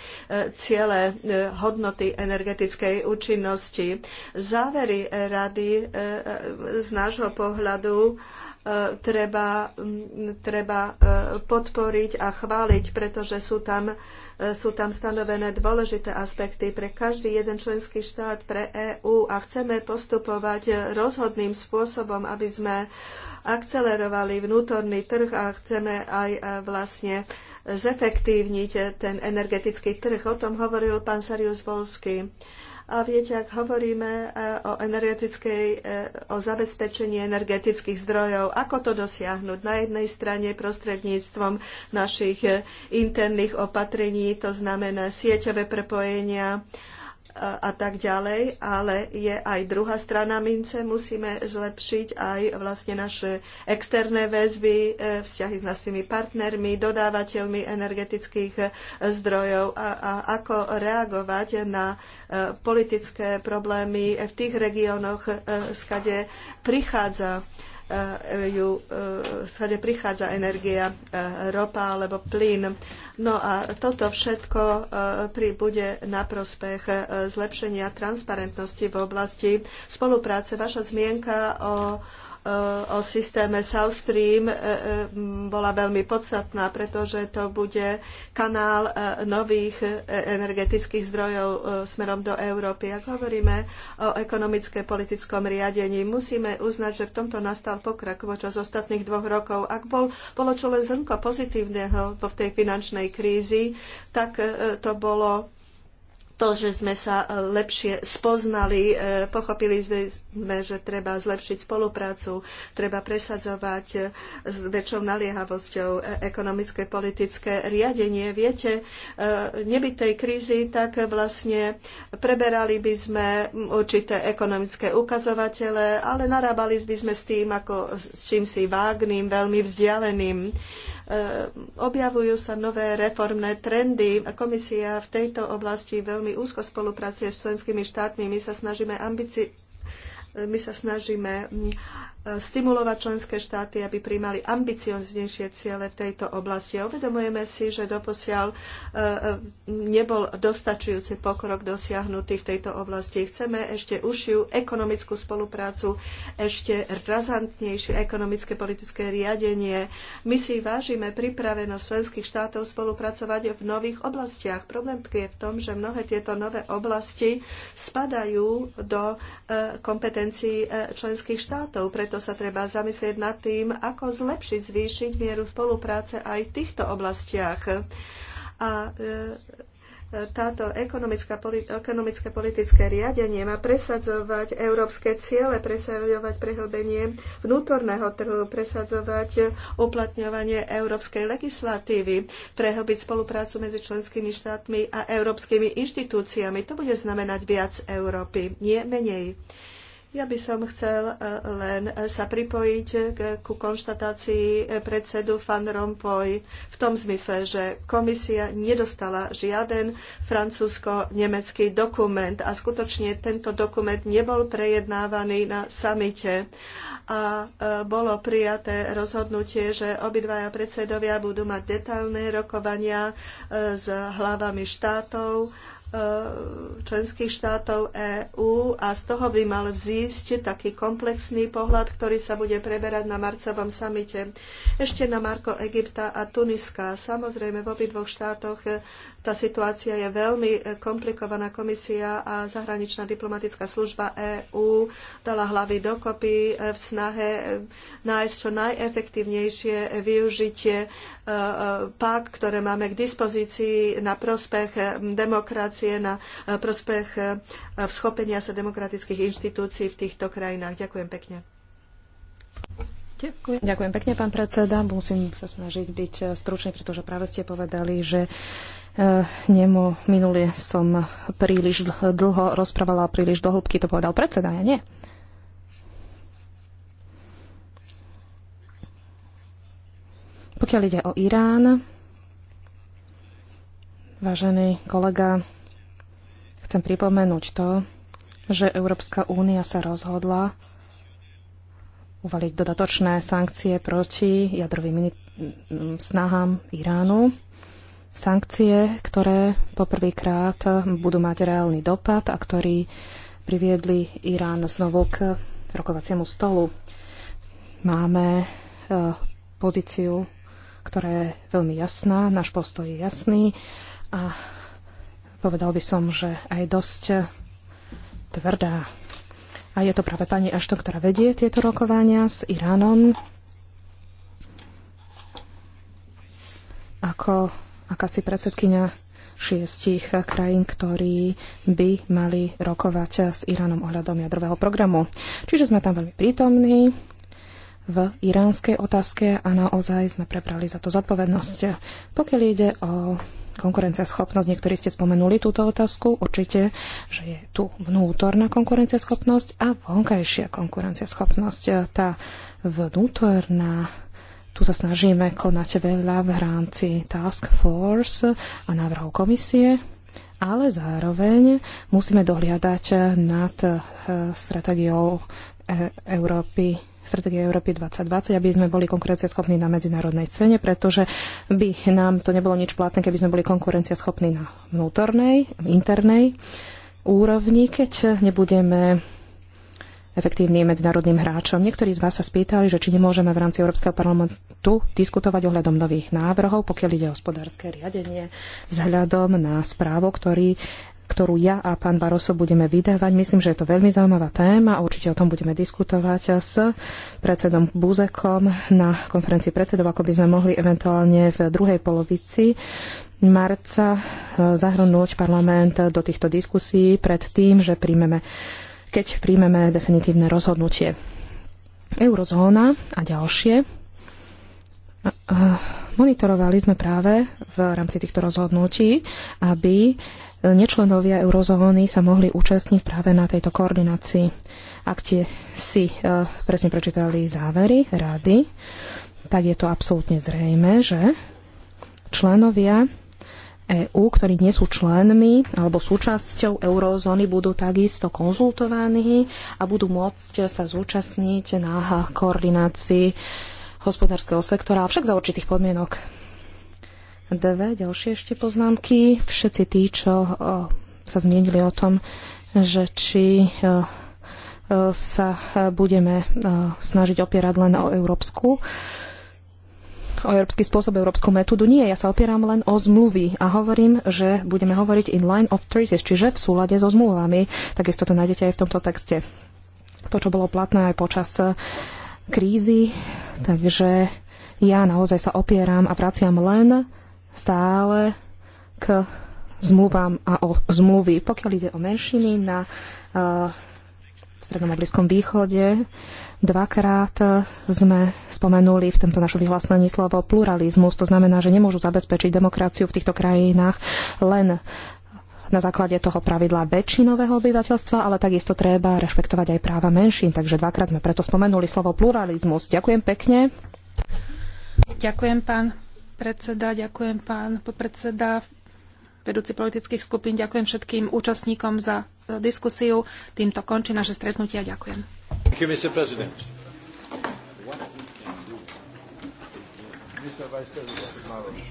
ciele hodnoty energetickej účinnosti. Závery rady z nášho pohľadu treba, treba e, podporiť a chváliť, pretože sú tam, e, sú tam stanovené dôležité aspekty pre každý jeden členský štát, pre EÚ a chceme postupovať rozhodným spôsobom, aby sme akcelerovali vnútorný trh a chceme aj e, vlastne zefektívniť ten energetický trh. O tom hovoril pán Sarius Volsky. A viete, ak hovoríme e, o, energetickej, e, o zabezpečení energetických zdrojov, ako to dosiahnuť? Na jednej strane prostredníctvom našich e, interných opatrení, to znamená sieťové prepojenia, a tak ďalej, ale je aj druhá strana mince. Musíme zlepšiť aj vlastne naše externé väzby, e, vzťahy s našimi partnermi, dodávateľmi energetických e, zdrojov a, a ako reagovať na e, politické problémy v tých regiónoch, skade prichádza ju sade e, prichádza energia, e, ropa alebo plyn. No a toto všetko e, bude na prospech zlepšenia transparentnosti v oblasti spolupráce. Vaša zmienka o o systéme South Stream e, e, bola veľmi podstatná, pretože to bude kanál e, nových energetických zdrojov smerom do Európy. Ak hovoríme o ekonomické politickom riadení, musíme uznať, že v tomto nastal pokrak počas ostatných dvoch rokov. Ak bol, bolo čo len zrnko pozitívneho v tej finančnej krízi, tak to bolo to, že sme sa e, lepšie spoznali, e, pochopili sme, že treba zlepšiť spoluprácu, treba presadzovať e, s väčšou naliehavosťou ekonomické, politické riadenie. Viete, nebyť tej krízy, tak vlastne preberali by sme určité ekonomické ukazovatele, ale narábali by sme s tým ako s čímsi vágným, veľmi vzdialeným. E, objavujú sa nové reformné trendy. Komisia v tejto oblasti veľmi úzko spolupracuje s členskými štátmi. My sa snažíme ambici my sa snažíme mm, E, stimulovať členské štáty, aby príjmali ambicioznejšie ciele v tejto oblasti. A uvedomujeme si, že doposiaľ e, e, nebol dostačujúci pokrok dosiahnutý v tejto oblasti. Chceme ešte užšiu ekonomickú spoluprácu, ešte razantnejšie ekonomické politické riadenie. My si vážime pripravenosť členských štátov spolupracovať v nových oblastiach. Problém je v tom, že mnohé tieto nové oblasti spadajú do kompetencií členských štátov, preto preto sa treba zamyslieť nad tým, ako zlepšiť, zvýšiť mieru spolupráce aj v týchto oblastiach. A e, e, táto ekonomické, ekonomické politické riadenie má presadzovať európske ciele, presadzovať prehlbenie vnútorného trhu, presadzovať uplatňovanie európskej legislatívy, prehlbiť spoluprácu medzi členskými štátmi a európskymi inštitúciami. To bude znamenať viac Európy, nie menej. Ja by som chcel e, len e, sa pripojiť e, ku konštatácii predsedu Van Rompuy v tom zmysle, že komisia nedostala žiaden francúzsko-nemecký dokument a skutočne tento dokument nebol prejednávaný na samite a bolo prijaté rozhodnutie, že obidvaja predsedovia budú mať detailné rokovania s hlavami štátov Eh, členských štátov EÚ a z toho by mal vzísť taký komplexný pohľad, ktorý sa bude preberať na marcovom samite. Ešte na Marko Egypta a Tuniska. Samozrejme, v obidvoch štátoch tá situácia je veľmi e, komplikovaná. Komisia a zahraničná diplomatická služba EÚ dala hlavy dokopy e, v snahe e, nájsť čo najefektívnejšie využitie pak, ktoré máme k dispozícii na prospech demokracie, na prospech vschopenia sa demokratických inštitúcií v týchto krajinách. Ďakujem pekne. Ďakujem. Ďakujem pekne, pán predseda. Musím sa snažiť byť stručný, pretože práve ste povedali, že Eh, nemu minulý som príliš dlho rozprávala, príliš do hĺbky to povedal predseda, ja nie. Pokiaľ ide o Irán, vážený kolega, chcem pripomenúť to, že Európska únia sa rozhodla uvaliť dodatočné sankcie proti jadrovým snahám Iránu sankcie, ktoré poprvýkrát budú mať reálny dopad a ktorí priviedli Irán znovu k rokovaciemu stolu. Máme e, pozíciu, ktorá je veľmi jasná, náš postoj je jasný a povedal by som, že aj dosť tvrdá. A je to práve pani Ašto, ktorá vedie tieto rokovania s Iránom. Ako akási predsedkynia šiestich krajín, ktorí by mali rokovať s Iránom ohľadom jadrového programu. Čiže sme tam veľmi prítomní v iránskej otázke a naozaj sme prebrali za to zodpovednosť. Pokiaľ ide o konkurenciaschopnosť, niektorí ste spomenuli túto otázku, určite, že je tu vnútorná konkurenciaschopnosť a vonkajšia konkurenciaschopnosť. Tá vnútorná tu sa snažíme konať veľa v rámci Task Force a návrhov komisie, ale zároveň musíme dohliadať nad eh, eh, stratégiou Európy stratégie Európy 2020, aby sme boli konkurencieschopní na medzinárodnej cene, pretože by nám to nebolo nič platné, keby sme boli konkurencieschopní na vnútornej, internej úrovni, keď nebudeme efektívnym medzinárodným hráčom. Niektorí z vás sa spýtali, že či nemôžeme v rámci Európskeho parlamentu diskutovať ohľadom nových návrhov, pokiaľ ide o hospodárske riadenie, vzhľadom na správu, ktorý, ktorú ja a pán Baroso budeme vydávať. Myslím, že je to veľmi zaujímavá téma. a Určite o tom budeme diskutovať s predsedom Buzekom na konferencii predsedov, ako by sme mohli eventuálne v druhej polovici marca eh, zahrnúť parlament do týchto diskusí pred tým, že príjmeme keď príjmeme definitívne rozhodnutie. Eurozóna a ďalšie. Monitorovali sme práve v rámci týchto rozhodnutí, aby nečlenovia eurozóny sa mohli účastniť práve na tejto koordinácii. Ak ste si e, presne prečítali závery rady, tak je to absolútne zrejme, že členovia EÚ, ktorí nie sú členmi alebo súčasťou eurozóny, budú takisto konzultovaní a budú môcť sa zúčastniť na koordinácii hospodárskeho sektora, avšak za určitých podmienok. Dve ďalšie ešte poznámky. Všetci tí, čo e, sa zmienili o tom, že či e, e, sa budeme snažiť opierať len o európsku o európsky spôsob, európsku metódu. Nie, ja sa opieram len o zmluvy a hovorím, že budeme hovoriť in line of treaties, čiže v súlade so zmluvami. Takisto to nájdete aj v tomto texte. To, čo bolo platné aj počas eh, krízy, takže ja naozaj sa opieram a vraciam len stále k zmluvám a o zmluvy. Pokiaľ ide o menšiny na uh, Strednom a Blízkom východe. Dvakrát sme spomenuli v tomto našom vyhlásení slovo pluralizmus, to znamená, že nemôžu zabezpečiť demokraciu v týchto krajinách len na základe toho pravidla väčšinového obyvateľstva, ale takisto treba rešpektovať aj práva menšín. Takže dvakrát sme preto spomenuli slovo pluralizmus. Ďakujem pekne. Ďakujem pán predseda, ďakujem pán podpredseda vedúci politických skupín, ďakujem všetkým účastníkom za diskusiu. Týmto končí naše stretnutie a ďakujem. Thank you,